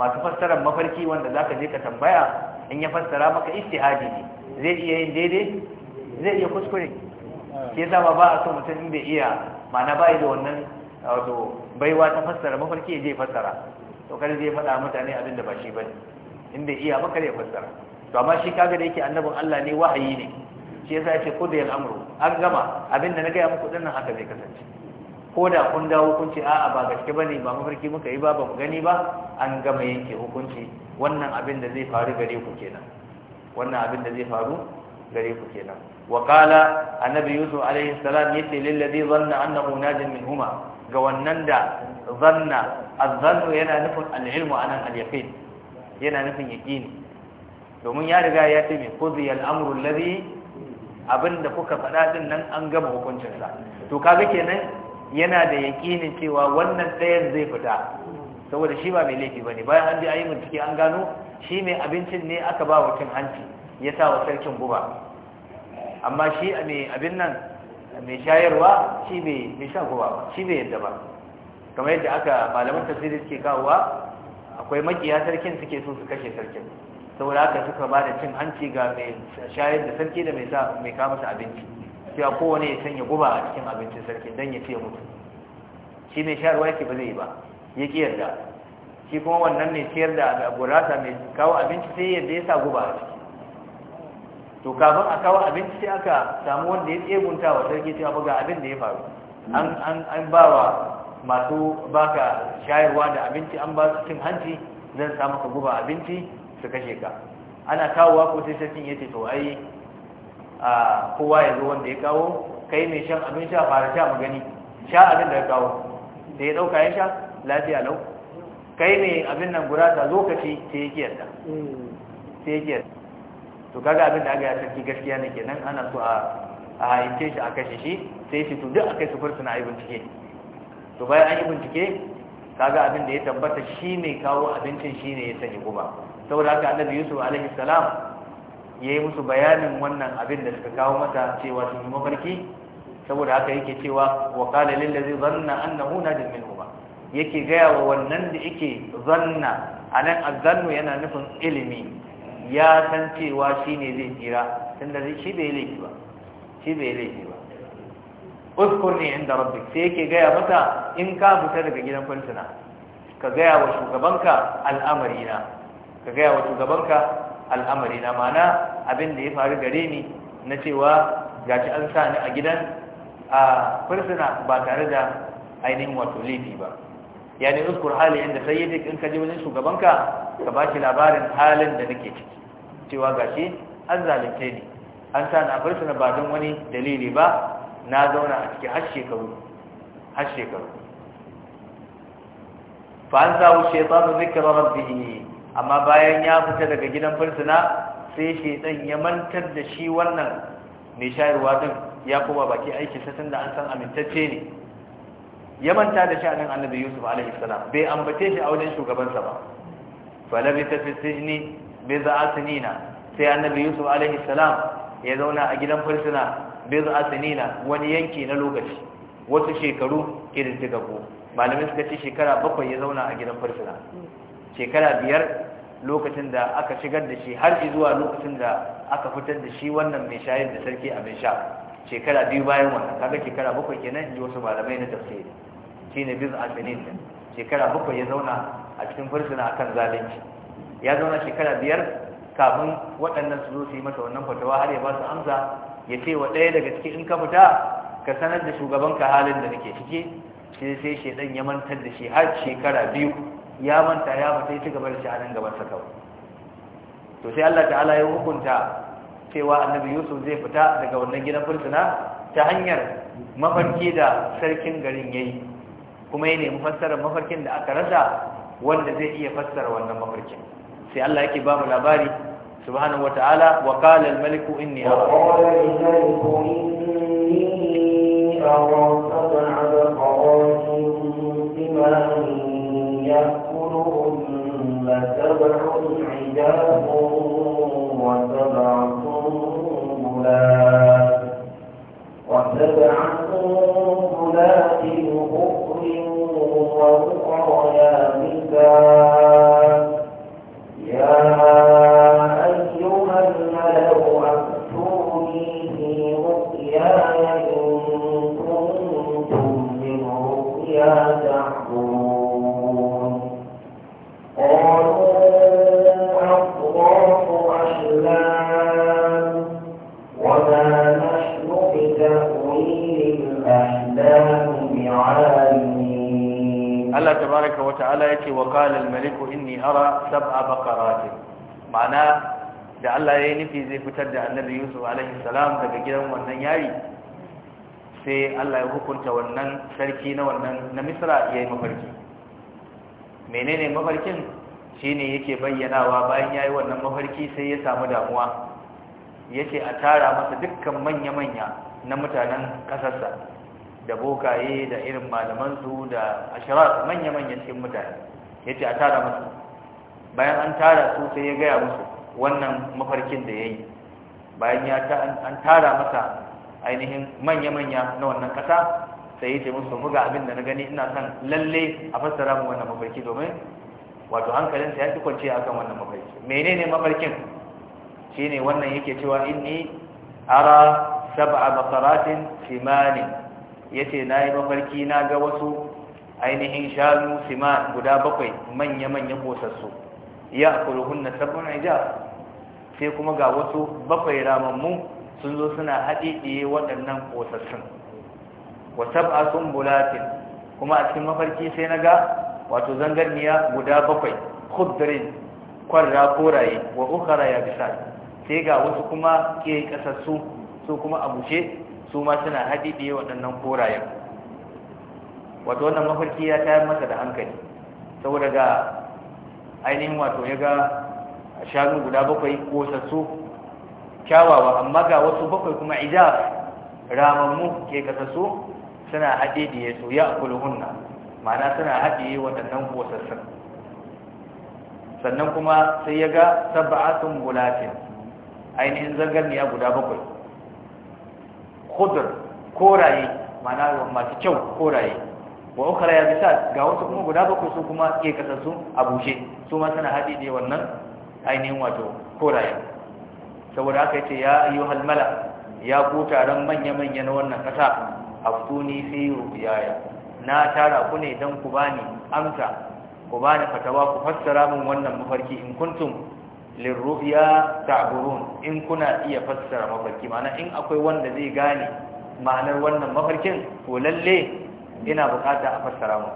masu fassarar mafarki wanda zaka je ka tambaya in ya fassara maka istihadi ne zai iya yin daidai zai iya kuskure ke yasa ba a so mutum in bai iya mana ba da wannan wato baiwa ta fassara mafarki ya je fassara to kar zai faɗa mutane abin da ba shi bane Inda bai iya ba ya fassara to amma shi kaga da yake annabin Allah ne wahayi ne shi yasa yace kudi al-amru an gama abinda na gaya muku dinnan haka zai kasance ko da kun dawo kun ce a'a ba gaske bane ba mafarki muka yi ba ba mu gani ba an gama yanke hukunci wannan abin da zai faru gare ku kenan wannan abin da zai faru gare ku kenan wa qala annabi yusuf alaihi salam yace lil ladhi dhanna annahu najin minhuma ga wannan da zanna az-zannu yana nufin al-ilmu anan al-yaqin yana nufin yaqini domin ya riga ya ce mai kuzi al'amru abin abinda kuka faɗa din nan an gama hukuncinsa, sa to kaga kenan yana da yaƙinin cewa wannan ɗayan zai fita saboda shi ba mai laifi ba ne, bayan an ji ayi bincike an gano shi mai abincin ne aka ba wa cin hanci ya sa wa sarkin guba amma shi mai abin nan mai shayarwa shi mai shan guba shi mai yadda ba kamar yadda aka malaman tafsiri suke kawowa akwai makiya sarkin suke so su kashe sarkin saboda haka suka ba da cin hanci ga mai shayar da sarki da mai kama masa abinci cewa kowane ya sanya guba a cikin abincin sarkin don ya fiye mutu shi mai shayarwa yake ba zai yi ba ya ki yarda shi kuma wannan mai siyar da gurasa mai kawo abinci sai yadda ya sa guba a ciki to kafin a kawo abinci sai aka samu wanda ya tsegunta wa sarki cewa ga abin da ya faru an ba wa masu baka shayarwa da abinci an ba su cin hanci zan sa maka guba abinci su kashe ka ana kawowa ko sai sarkin yace to ai a kowa ya zo wanda ya kawo kai mai shan abin sha fara sha magani sha abin da ya kawo da ya dauka ya sha lafiya lau kai mai abin nan gurasa zo ka ci sai ya kiyarta sai ya kiyarta to kaga abin da aka yi a sarki gaskiya ne kenan ana so a a haince shi a kashe shi sai shi to duk a kai su fursuna a yi bincike to bayan an yi bincike kaga abin da ya tabbata shi mai kawo abincin shi ne ya sanya guba saboda haka annabi yusuf alaihi salam ya yi musu bayanin wannan abin da suka kawo mata cewa sun yi mafarki saboda haka yake cewa wa qala lil ladzi dhanna annahu najim minhu yake gaya wa wannan da yake zanna anan azzannu yana nufin ilimi ya san cewa shine zai tsira tunda shi bai laifi ba shi bai laifi ba uskurni inda rabbik sai yake gaya mata in ka fita daga gidan kwantuna ka gaya wa shugabanka al'amarina ka gaya wa shugabanka al'amarina mana abin da ya faru gare ni na cewa gaci an sa ni a gidan a fursuna ba tare da ainihin wato laifi ba yani uskur hali inda yadda in ka je wajen shugabanka ka ba shi labarin halin da nake ciki cewa gashi an zalunce ni an sa ni a fursuna ba don wani dalili ba na zauna a ciki har shekaru har shekaru fa an zawo shaytanu zikra rabbih amma bayan ya fita daga gidan fursuna sai shaytan ya mantar da shi wannan mai shayarwa din ya koma baki aiki tun tunda an san amintacce ne ya manta da sha'anin annabi yusuf alaihi salam bai ambace shi a wajen shugabansa ba fa ta fi sijni bi za'a sinina sai annabi yusuf alaihi salam ya zauna a gidan fursuna bid'a sinina wani yanki na lokaci wasu shekaru kididdigaggu malamai suka ce shekara bakwai ya zauna a gidan farsuna shekara biyar lokacin da aka shigar da shi har zuwa lokacin da aka fitar da shi wannan mai shayar da sarki abin sha shekara biyu bayan wannan kaga shekara bakwai kenan ji wasu malamai na tafsiri a bid'a sinin shekara bakwai ya zauna a cikin fursuna akan zalunci ya zauna shekara biyar kafin waɗannan su zo su yi masa wannan fatawa har ya ba su amsa ya ce wa ɗaya daga ciki in ka fita ka sanar da shugabanka halin da nake ciki sai sai shedan ya mantar da shi har shekara biyu ya manta ya fita ya ci gaba da shi a nan gaban sa kawai to sai Allah ta'ala ya hukunta cewa annabi Yusuf zai fita daga wannan gidan fursuna ta hanyar mafarki da sarkin garin yayi kuma ya nemi fassarar mafarkin da aka rasa wanda zai iya fassara wannan mafarkin sai Allah yake ba mu labari سبحانه وتعالى وقال الملك إني أرى وقال الملك إني أرى سبع بقرات سمان يأكلهن سبع عجاف وسبع سنبلات وسبع سنبلات أخر وأخر يابسات يا فقال الملك إني أرى سبع بقرات معنى da Allah ya yi nufi zai fitar da annabi Yusuf alaihi daga gidan wannan yari sai Allah ya hukunta wannan sarki na wannan na Misra ya yi mafarki menene mafarkin shine yake bayyanawa bayan yayi wannan mafarki sai ya samu damuwa yace a tara masa dukkan manya-manya na mutanen kasarsa da bokaye da irin malamansu da ashirar manya-manya cikin mutane yace a tara musu bayan an tara su sai ya gaya musu wannan mafarkin da ya yi bayan ya an tara masa ainihin manya-manya na wannan kasa sai ce musu buga abin da na gani ina son lalle a fassara mu wannan mafarki domin wato hankalinsa ya fi a akan wannan mafarki menene mafarkin ne wannan yake cewa inni ara sab'a basaratin simani yace nayi mafarki na ga wasu ainihin shanu sima guda bakwai manya-manyan ƙosassu ya hunna sabon aija? sai kuma ga wasu bakwai ramammu sun zo suna haɗiɗiye waɗannan bosassun wasab'a sun bulatin kuma a cikin mafarki sai na ga wato zangarniya guda bakwai kudurin kwarra koraye wa ukara ya bisa sai ga wasu kuma ke ƙasassu su kuma bushe? su ma suna haɗiɗiye waɗannan korayen wato wannan mafarki ya tayar masa da hankali saboda ga ainihin wato ya ga shanu guda bakwai ko sassu kyawawa amma ga wasu bakwai kuma ijaf ramammu ke kasassu suna haɗe da ya so ya kulhunna ma'ana suna haɗe waɗannan kosassun sannan kuma sai ya ga saba'atun gulatin ainihin zangarniya guda bakwai kudur koraye ma'ana masu kyau koraye wa ukhra yabisat ga wasu kuma guda bakwai su kuma ke kasassu a bushe su ma suna haɗi ne wannan ainihin wato koraya saboda haka ce ya ayyuhal halmala ya ku taron manya manya na wannan kasa aftuni fi ruqyaya na tara ku ne don ku bani amsa ku bani fatawa ku fassara min wannan mafarki in kuntum lirru'ya ta'burun in kuna iya fassara mafarki mana in akwai wanda zai gane ma'anar wannan mafarkin to lalle ina bukata a fassara mu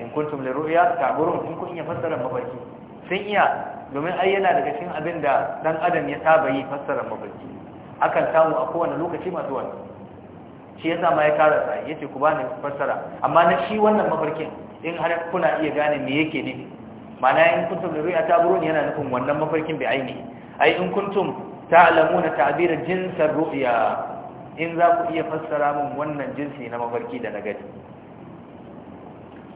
in kuntum ru'ya ta'burun in kun iya fassara mabaki sun iya domin ai yana daga cikin abin da dan adam ya saba yi fassara mafarki akan samu a kowane lokaci masu wani shi yasa ma ya kara sa yace ku bani fassara amma na shi wannan mafarkin in har kuna iya gane me yake ne ma'ana in kuntum ru'ya ta'burun yana nufin wannan mafarkin bi aini ai in kuntum ta'lamuna ta'bira jinsar ru'ya in za ku iya fassara min wannan jinsi na mafarki da na gani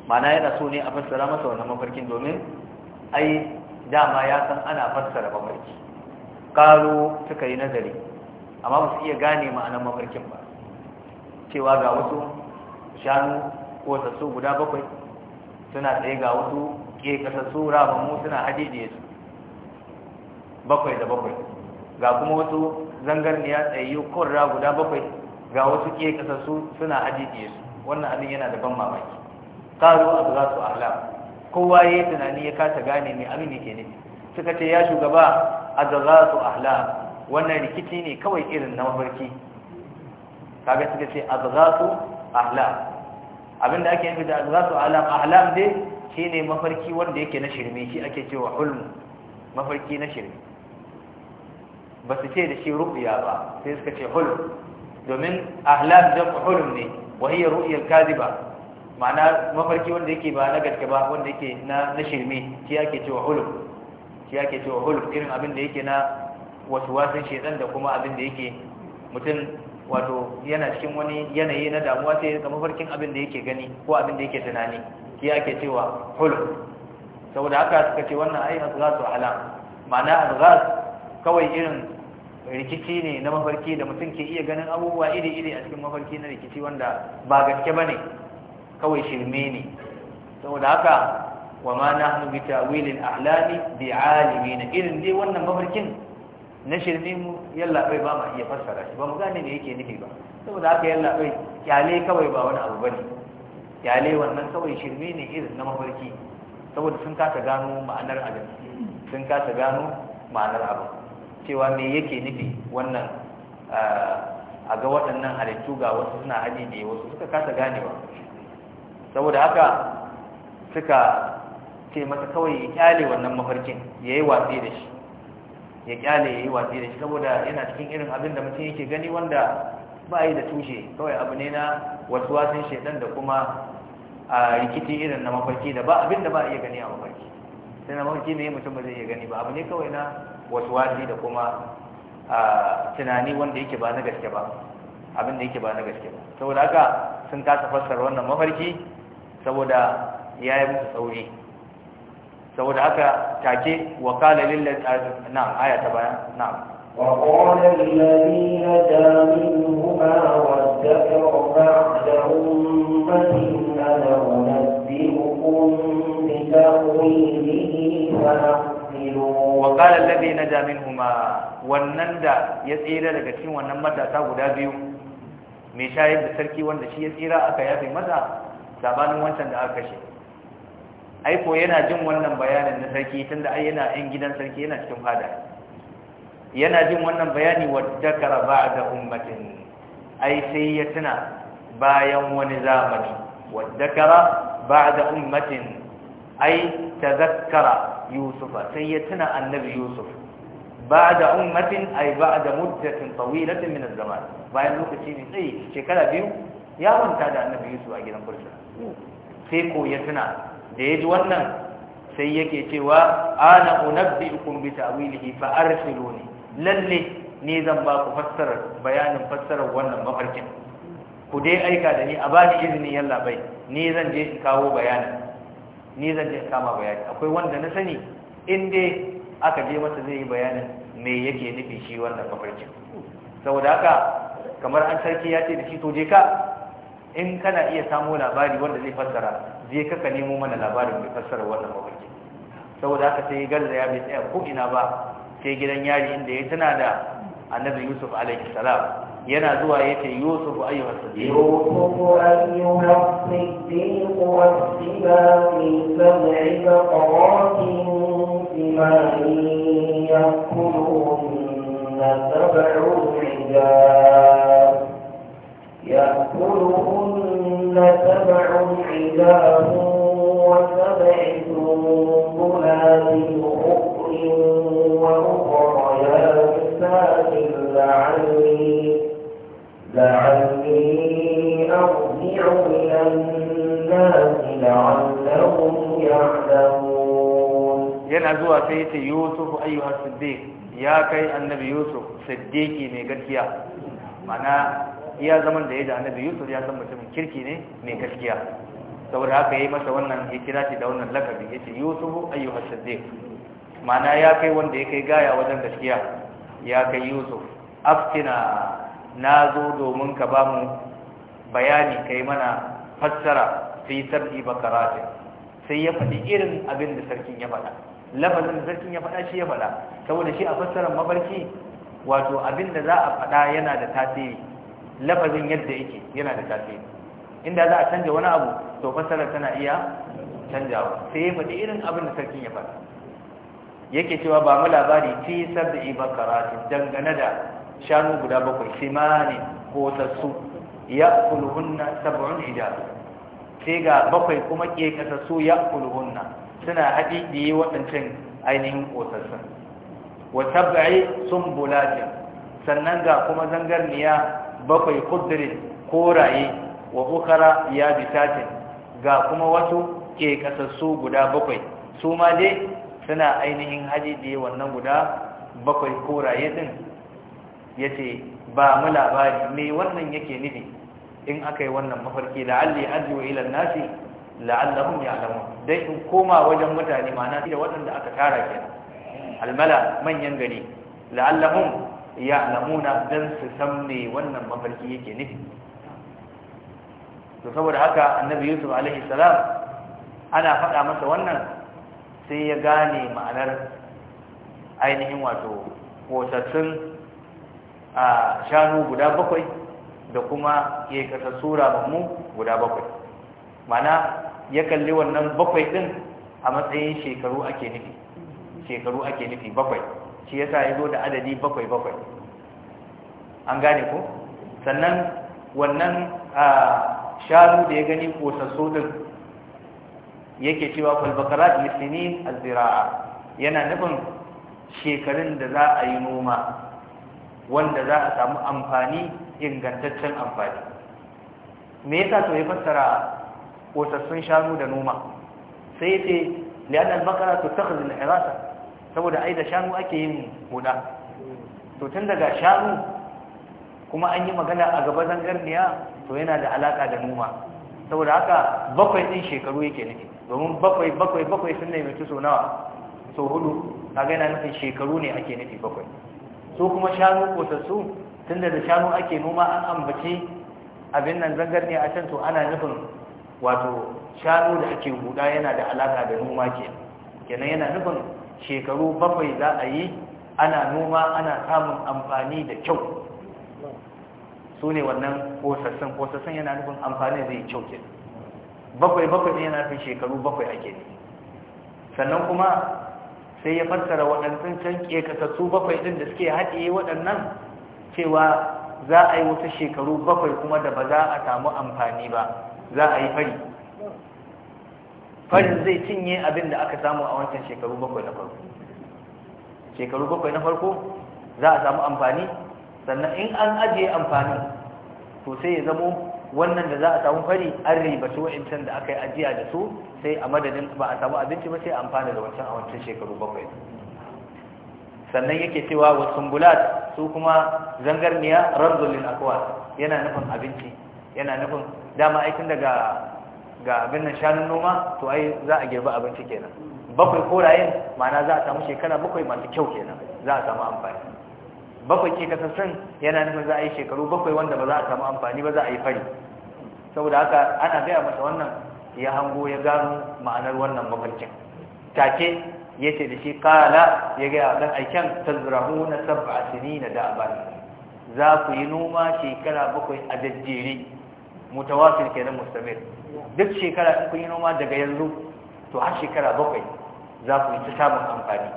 mana yana so ne a fassara masa wannan mafarkin domin ai dama ya san ana fassara mafarki karo suka yi nazari amma ba su iya gane ma'anar mafarkin ba cewa ga wasu shanu ko sassu guda bakwai suna tsaye ga wasu ke kasassu rabon suna hadidiye su bakwai da bakwai ga kuma wasu zangar ya zangarniya ko ra guda bakwai ga wasu ke kasassu suna ajiye su wannan abin yana da ban mamaki qalu su ahla kowa yi tunani ya kasa gane me abin ke ne suka ce ya shugaba su ahla wannan rikici ne kawai irin na mafarki kaga suka ce ahla abin abinda ake yanzu da su ahla ahlam dai shine mafarki wanda yake na shirme shi ake cewa hulmu mafarki na shirme ba su ce da shi ru'ya ba sai suka ce hulm domin ahlam da hulm ne wa hiya ru'yal ba. ma'ana mafarki wanda yake ba na gaske ba wanda yake na na shirme shi ake cewa hulm shi ake cewa hulm irin abin da yake na wasu wasan shedan da kuma abin da yake mutum wato yana cikin wani yanayi na damuwa sai ga mafarkin abin da yake gani ko abin da yake tunani shi ake cewa hulm saboda haka suka ce wannan ai azghasu alam ma'ana azghas kawai irin rikici ne na mafarki da mutum ke iya ganin abubuwa iri-iri a cikin mafarki na rikici wanda ba gaske ba ne kawai shirme ne saboda haka wa ma na hannu bi ta'wilil ahlami bi na irin dai wannan mafarkin na shirme mu yalla bai ba ma iya fassara shi ba mu gane me yake nufi ba saboda haka yalla bai kyale kawai ba wani abu bane kyale wannan kawai shirme ne irin na mafarki saboda sun kasa gano ma'anar abin sun kasa gano ma'anar abin cewa me yake nufi wannan ah, a ga waɗannan halittu ga wasu suna haji ne wasu suka kasa ganewa saboda haka suka ce masa kawai ya kyale wannan mafarkin ya yi watsi da shi ya kyale ya yi watsi da shi saboda yana cikin irin abin da mutum yake gani wanda ba yi da tushe kawai abu ne na wasu wasan shaidan da kuma a ah, rikici irin na mafarki da ba abin da ba iya gani a mafarki sai na mafarki ne mutum ba zai iya gani ba abu ne kawai na Wasu wasi da kuma tunani wanda yake ba na gaske ba abin da yake ba na gaske ba saboda haka sun kasa fassara wannan mafarki saboda ya yi musu tsauri saboda haka take kala lillahi na'am aya ta baya na'am وقال الذين جاءوا wa qala na damin minhuma wannan da ya tsira daga cikin wannan matasa guda biyu me shayar da sarki wanda shi ya tsira aka yafe masa sabanin wancan da aka kashe ai ko yana jin wannan bayanin na sarki tunda ai yana yan gidan sarki yana cikin fada yana jin wannan bayani wa dakara ba'da ummatin ai sai ya tuna bayan wani zamani wa dakara ba'da ummatin ai tazakkara yusufa sai ya tuna annabi yusuf ba da ummatin ai ba da muddatin tawilatin min zaman bayan lokaci ne tsayi shekara biyu ya manta da annabi yusuf a gidan kursa sai ko ya tuna da ya ji wannan sai yake cewa ana unabbi'ukum bi ta'wilihi fa arsiluni lalle ne zan ba bayanin fassarar wannan mafarkin ku dai aika da ni a bani izinin yalla bai ni zan je in kawo bayanin ni zan je kama bayani akwai wanda na sani in dai aka je masa zai yi bayanin me yake nufi shi wannan mafarkin saboda haka kamar an sarki ya ce da shi to ka in kana iya samo labari wanda zai fassara zai kaka nemo mana labarin mai fassara wannan mafarkin saboda haka sai garza ya bai tsaya ko ina ba sai gidan yari inda ya tana da annabi yusuf alaihi salam yana zuwa yace yusuf ayyuha siddiq yusuf ayyuha siddiq zuwa sai yace yusuf ayyuha siddiq ya kai annabi yusuf siddiqi mai gaskiya mana iya zaman da ya da annabi yusuf ya san mutumin kirki ne mai gaskiya saboda haka yayi masa wannan ya kira shi da wannan lakabi ce yusuf ayyuha siddiq mana ya kai wanda ya kai gaya wajen gaskiya ya kai yusuf aftina na zo domin ka ba mu bayani kai mana fassara fi sarki bakarati sai ya faɗi irin abin da sarkin ya faɗa lafazin sarkin ya faɗa shi ya faɗa saboda shi a fassarar mabarki wato abin da za a faɗa yana da tasiri lafazin yadda yake yana da tasiri inda za a canja wani abu to fassarar tana iya canjawa sai ya faɗi irin abin da sarkin ya faɗa yake cewa ba mu labari fi sabda ibakaratin dangane da shanu guda bakwai simani ko tassu ya kulhunna sab'un hijab sai ga bakwai kuma ke kasassu ya kulhunna suna haɗi da yi waɗancan ainihin ƙosassun wata bai sun bulatin sannan ga kuma zangarniya bakwai kudurin koraye wa ukara ya bitatin ga kuma wasu ke ƙasassu guda bakwai su ma dai suna ainihin haɗi da yi wannan guda bakwai koraye ɗin ya ce ba mu labari Me wannan yake nufi in aka yi wannan mafarki la'alli arjiwa ilan nasi la'allahum ya'lamun dai in koma wajen mutane ma'ana da waɗanda aka tara kenan almala manyan gari la'allahum ya'lamuna dan su san me wannan mafarki yake nufi to saboda haka annabi yusuf alaihi salam ana faɗa masa wannan sai ya gane ma'anar ainihin wato hotattun a shanu guda bakwai da kuma ke kasa sura mu guda bakwai mana ya kalli wannan bakwai ɗin a matsayin shekaru ake nufi shekaru ake nufi bakwai shi yasa ya zo da adadi bakwai bakwai an gane ko sannan wannan shanu da ya gani kosasso din yake cewa musulmi a ziraa yana nufin shekarun da za a yi noma wanda za a samu amfani ingantaccen amfani me yasa to ya fassara kosassun shanu da noma sai ce liyan albakara to ta hazin hirasa saboda ai da shanu ake yin huda to tun daga shanu kuma an yi magana a gaba zangarniya to yana da alaka da noma saboda haka bakwai din shekaru yake nufi domin bakwai bakwai bakwai sun nemi so nawa so hudu ga yana nufin shekaru ne ake nufi bakwai so kuma shanu kosassu tun da shanu ake noma an ambace abin nan zangarniya a can to ana nufin wato shanu da ake huda yana da alaka da noma ke kenan yana nufin shekaru bakwai za a yi ana noma ana samun amfani da kyau su ne wannan kosassun kosassun yana nufin amfani zai kyau ke bakwai bakwai ne yana nufin shekaru bakwai ake ne sannan kuma sai ya fassara waɗansu can kekatattu bakwai ɗin da suke haɗiye waɗannan cewa za a yi wasu shekaru bakwai kuma da ba za a samu amfani ba za a yi fari farin zai cinye abin da aka samu a wancan shekaru bakwai na farko shekaru bakwai na farko za a samu amfani sannan in an ajiye amfani to sai ya zamo wannan da za a samu fari an riba su wa'incan da aka yi ajiya da su sai a madadin ba a samu abinci ba sai amfani da wancan a wancan shekaru bakwai sannan yake cewa wa sumbulat su kuma zangarniya ranzulin akwa yana nufin abinci yana nufin dama aikin daga ga abin nan shanun noma to ai za a girba abinci kenan bakwai korayen ma'ana za a samu shekara bakwai masu kyau kenan za a samu amfani bakwai ke kasassun yana nufin za a yi shekaru bakwai wanda ba za a samu amfani ba za a yi fari saboda haka ana gaya masa wannan ya hango ya gano ma'anar wannan mafarkin take ya ce da shi kala ya gaya dan aiken tazrahu na sab'a sini na da'aban za ku yi noma shekara bakwai a jajjere mutawafir kenan mustamir duk shekara in kun yi noma daga yanzu to har shekara bakwai za ku yi ta samun amfani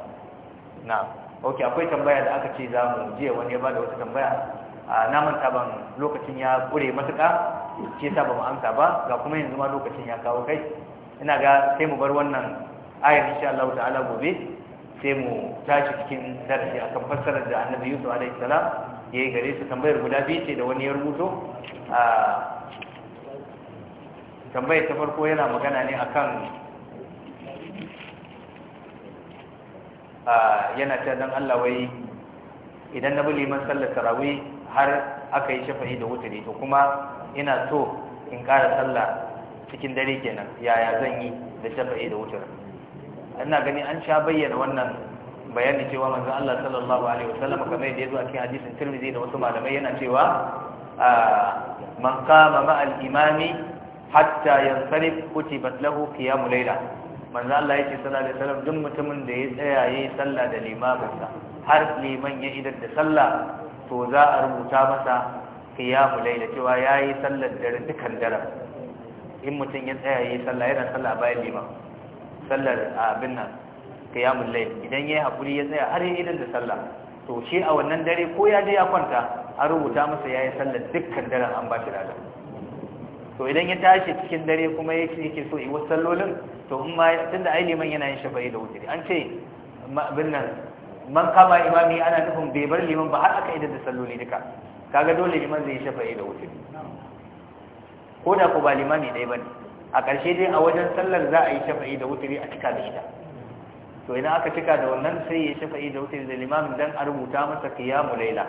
na ok akwai tambaya da aka ce za mu jiya wani ya ba da wata tambaya a naman taban lokacin ya kure matuka ce ta ba ma'amta ba ga kuma yanzu ma lokacin ya kawo kai ina ga sai mu bar wannan ayar insha Allah ta'ala gobe sai mu tashi cikin darasi akan fassarar da Annabi Yusuf alaihi salam yayi gare su tambayar guda biyu ce da wani ya rubuto a tambayar ta farko yana magana ne akan ah, yana ta dan Allah wai idan na bi man sallar tarawih har aka yi shafa'i da wuturi to kuma ina so in ƙara sallah cikin dare kenan yaya zan yi da shafa'i da wuta ina gani an sha bayyana wannan bayani cewa manzon Allah sallallahu alaihi wasallam kamar yadda ya zo a cikin hadisin Tirmidhi da wasu malamai yana cewa ah, man qama al imami hatta yansarif kutibat lahu qiyamul layla manzo Allah yake sallallahu alaihi wasallam duk mutumin da ya tsaya yayi sallah da limaminsa har liman ya idar da sallah to za a rubuta masa qiyamul layla cewa yayi sallar dare dukan dare in mutum ya tsaya yayi sallah yana sallah bayan liman sallar abin nan qiyamul layl idan yayi hakuri ya tsaya har ya idar da sallah to shi a wannan dare ko ya je ya kwanta a rubuta masa yayi sallar dukkan dare an ba shi ladan to idan ya tashi cikin dare kuma yake yake so yi wasu sallolin to in tun da ai liman yana yin shafa'i da wuturi an ce binnan man kama imami ana nufin bai bar liman ba har aka idan da salloli duka kaga dole liman zai shafa'i da wuturi ko da ko ba limami dai ba ne a ƙarshe dai a wajen sallar za a yi shafa'i da wuturi a cika da ita to idan aka cika da wannan sai ya shafa'i da wuturi da limamin dan a rubuta masa kiyamu laila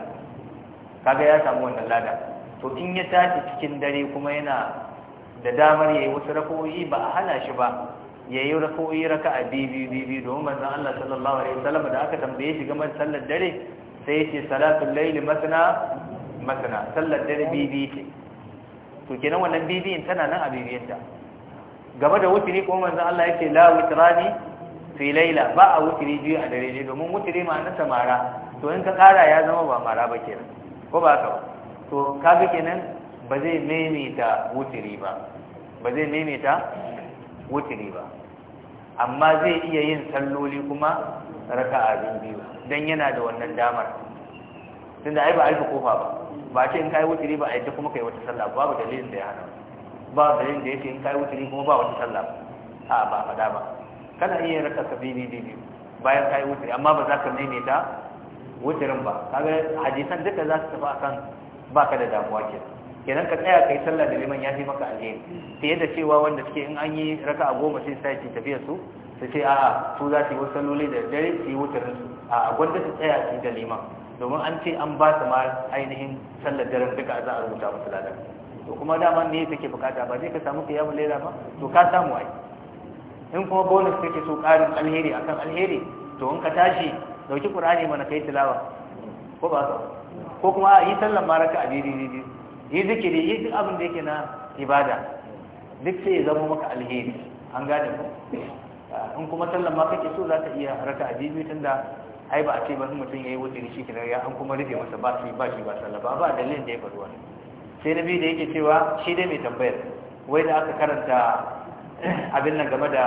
kaga ya samu wannan lada to in ya tashi cikin dare kuma yana da damar yayi wasu raka'o'i ba a hana shi ba yayi raka'o'i raka a bibibibi domin manzon Allah sallallahu alaihi wasallam da aka tambaye shi game da sallar dare sai yace salatul layli masna masana sallar dare bibi ce to kenan wannan bibiyin tana nan a bibiyanta game da wuturi kuma manzon Allah yake la witrani fi laila ba a wuturi biyu a dare ne domin wuturi ma'ana samara to in ka kara ya zama ba mara ba kenan ko ba ka ba to kaga kenan ba zai maimaita wutiri ba ba zai maimaita wutiri ba amma zai iya yin salloli kuma raka'a biyu dan yana da wannan damar tunda ai ba alfa kofa ba ba ce in kai wutiri ba ai ta kuma kai wata sallah babu dalilin da ya hana ba dalilin da yake in kai wutiri kuma ba wata sallah a ba fada ba kana iya raka ka bibi bibi bayan kai wutiri amma ba za ka maimaita wutirin ba kaga hadisan duka za su tafi akan baka da damuwa ke kenan ka tsaya kai sallah da liman ya fi maka alheri fiye da cewa wanda suke in an yi raka a goma sai sai tafiya su su ce a'a su za su yi wasu salloli da dare su yi wutarin su a gwanda su tsaya su da liman domin an ce an ba su ma ainihin sallar daren duka za a rubuta musu ladan to kuma dama ne kake bukata ba zai ka samu kiyamul lera ba to ka samu ai in kuma bonus kake so karin alheri akan alheri to in ka tashi dauki qur'ani mana kai tilawa ko ba ka ko kuma a yi sallan ma raka a daidai yi zikiri yi duk abin da yake na ibada duk sai ya zama maka alheri an gane ku in kuma sallan ma kake so za ta iya raka a tun da ai ba a ce ba mutum ya yi wuce shi kinar ya an kuma rufe masa ba shi ba shi ba sallah ba ba dalilin da ya faruwa sai na biyu da yake cewa shi dai mai tambayar wai da aka karanta abin nan game da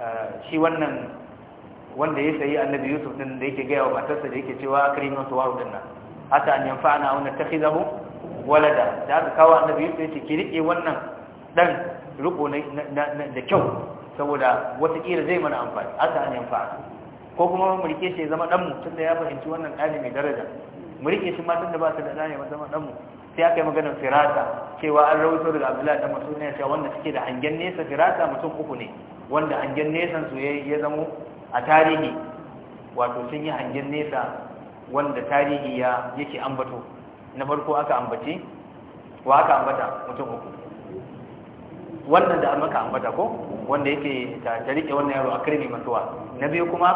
eh, shi wannan wanda ya sayi annabi yusuf din da yake gaya wa matarsa da yake cewa akrimu wa tuwaru din nan hata an yanfa'ana wa natakhizahu walada da aka kawo annabi yusuf yace ki rike wannan dan riko da kyau saboda wata kira zai mana amfani hata an yanfa'ana ko kuma mu rike shi zama dan mu tunda ya fahimci wannan dani mai daraja mu rike shi ma tunda ba ta da dani zama dan mu sai aka yi maganar firata cewa an rawaito daga abdullahi da masu ne cewa wanda suke da hangen nesa firata mutum uku ne wanda hangen nesan su ya zamo a tarihi wato sun yi hangen nesa wanda tarihi ya yake ambato na farko aka ambace wa aka ambata mutum uku wannan da aka ambata ko wanda yake ta rike wannan yaro a karni masuwa na biyu kuma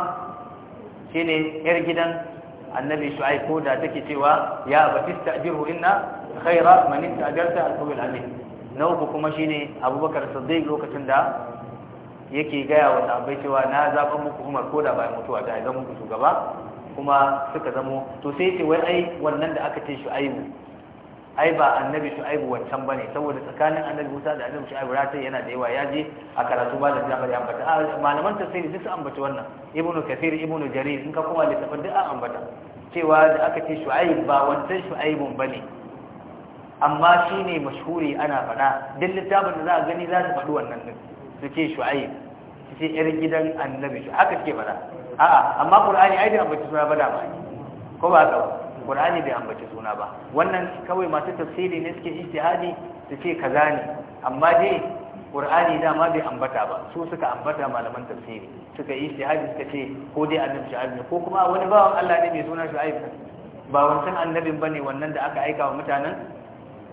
shine yar gidan annabi shu'aib ko da take cewa ya batista abiru inna khaira man intajarta al-qawl amin na uku kuma shine abubakar siddiq lokacin da yake gaya wa sahabbai cewa na zaɓa muku Umar ko da bayan mutuwa ta zama muku shugaba kuma suka zamo to sai ce wai ai wannan da aka ce Shu'aibu ai ba annabi Shu'aibu wancan ba ne saboda tsakanin annabi Musa da annabi Shu'aibu ratai yana da yawa ya je a karatu ba da Jabir ya ambata malaman tafsiri duk su ambata wannan Ibn kafir Ibn Jarir in ka koma littafin duk an ambata cewa da aka ce Shu'aib ba wancan Shu'aibun ne amma shine mashhuri ana faɗa duk littafin da za a gani za su faɗi wannan din su ce Shu'aib ce yar gidan annabi haka ke fara a'a amma qur'ani ai bai ambaci suna ba da ba ko ba ka qur'ani bai ambaci suna ba wannan kawai masu tafsiri ne suke ijtihadi su ce kaza ne amma dai qur'ani dama bai ambata ba su suka ambata malaman tafsiri suka yi ijtihadi suka ce ko dai annabi shi ne ko kuma wani bawan Allah ne mai suna shu'aib ba wancan annabin bane wannan da aka aika wa mutanen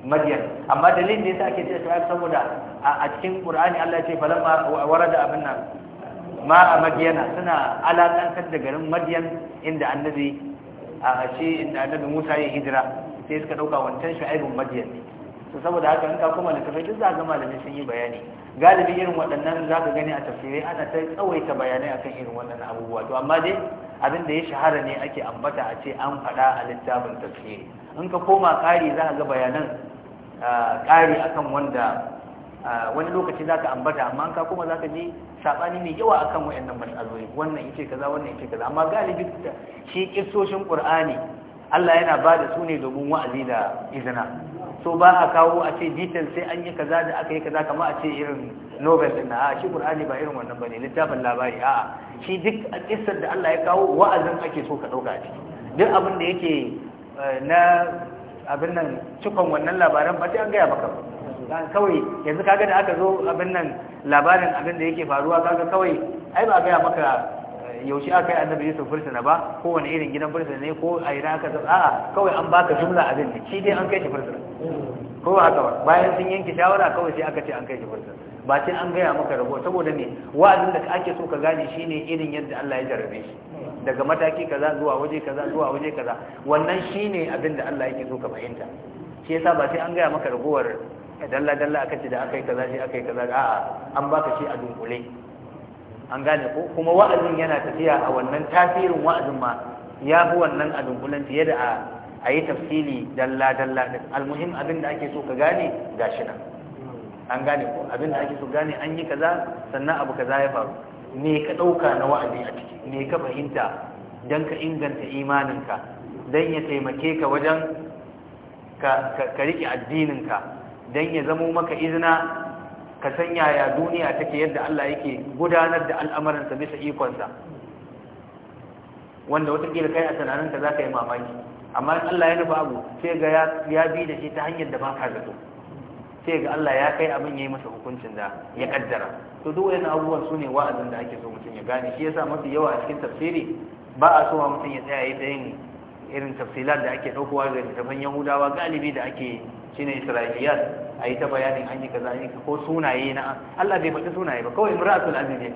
madiyan amma dalilin da yasa ake a shu'aib saboda a cikin qur'ani Allah ya ce falamma warada abin ma a madiyana suna alakantar da garin madiyan inda annabi a shi inda annabi Musa ya hijira sai suka dauka wancan shu'aibun madiyan to saboda haka in ka koma littafai duk za ga malamin sun yi bayani galibi irin waɗannan za ka gani a tafsiri ana ta tsawaita bayanai akan irin waɗannan abubuwa to amma dai abin da ya shahara ne ake ambata a ce an faɗa a littafin tafsiri in ka koma ƙari za ka ga bayanan ƙari akan wanda wani lokaci za ka ambata amma ka kuma zaka ji sabani mai yawa akan wayannan matsaloli wannan ce kaza wannan ce kaza amma galibi shi kissoshin ƙur'ani Allah yana ba da su ne domin wa'azi da izina so ba a kawo a ce detail sai an yi kaza da aka yi kaza kama a ce irin novel din na a shi ƙur'ani ba irin wannan bane littafin labari a shi duk kissar da Allah ya kawo wa'azin ake so ka ɗauka a ciki duk abin da yake eh, na abin nan cikon wannan labaran ba sai an gaya maka ba kawai yanzu kaga da aka zo abin nan labarin abin da yake faruwa kaga kawai ai ba gaya maka eh, yaushe aka yi annabi yusuf fursuna ba ko wani irin gidan fursuna ne ko a ina aka zama a kawai an baka jumla abin ne shi dai an kai shi fursuna ko ba haka ba bayan sun yanke shawara kawai sai aka ce an kai shi fursuna ba sai an gaya maka rabo saboda ne wa'azin da ake so ka gane shine irin yadda Allah ya jarabe shi daga mataki kaza zuwa waje kaza zuwa waje kaza wannan shine abin da Allah yake so ka fahimta shi yasa ba sai an gaya maka ragowar dalla dalla aka ce da aka yi kaza shi aka yi kaza a'a an baka shi a dunkule an gane ko kuma wa'azin yana tafiya a wannan tasirin wa'azin ma ya fi wannan a dunkulen fiye da a yi tafsili dalla dalla din almuhim abin da ake so ka gane gashi nan an gane ko abin da ake so gane an yi kaza sannan abu kaza ya faru me ka ɗauka na wa'azi a ciki me ka fahimta don ka inganta imaninka don ya taimake ka wajen ka riƙe addininka don ya zamo maka izina ka san yaya duniya take yadda Allah yake gudanar da al'amuransa bisa ikonsa wanda watakila kai a tunaninka za ka yi mamaki amma Allah ya nufa abu sai ga ya bi da shi ta hanyar da ba ka zato sai ga Allah ya kai abin yayi masa hukuncin da ya kaddara to duk wani abubuwan sune wa'azin da ake so mutum ya gane shi yasa mafi yawa a cikin tafsiri ba a so mutum ya tsaya yayi ta irin tafsilan da ake daukowa ga littafin Yahudawa galibi da ake shine Isra'iliyat yi ta bayanin an yi kaza ko sunaye na Allah bai faɗi sunaye ba kawai imra'atul aziz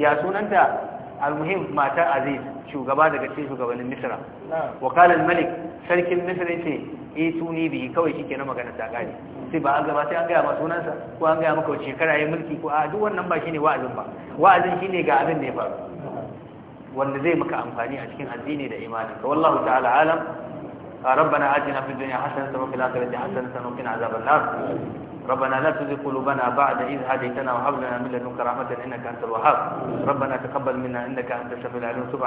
ya sunanta almuhim matar aziz shugaba daga cikin shugabannin misra wakalar malik sarkin misra ce ituni e, bihi kawai shi ke na magana ta gani sai ba an gaba sai an gaya ma sunansa ko an gaya maka wace shekara ya mulki ko a duk wannan ba shine wa'azin ba wa'azin shine ga abin da ya faru wanda zai maka amfani a cikin addini da imani ka wallahu ta'ala alam ربنا آتنا في الدنيا حسنة وفي الآخرة حسنة وقنا عذاب النار ربنا لا تزغ قلوبنا بعد إذ هديتنا وهب لنا من لدنك رحمة إنك أنت الوهاب ربنا تقبل منا إنك أنت السميع العليم وتب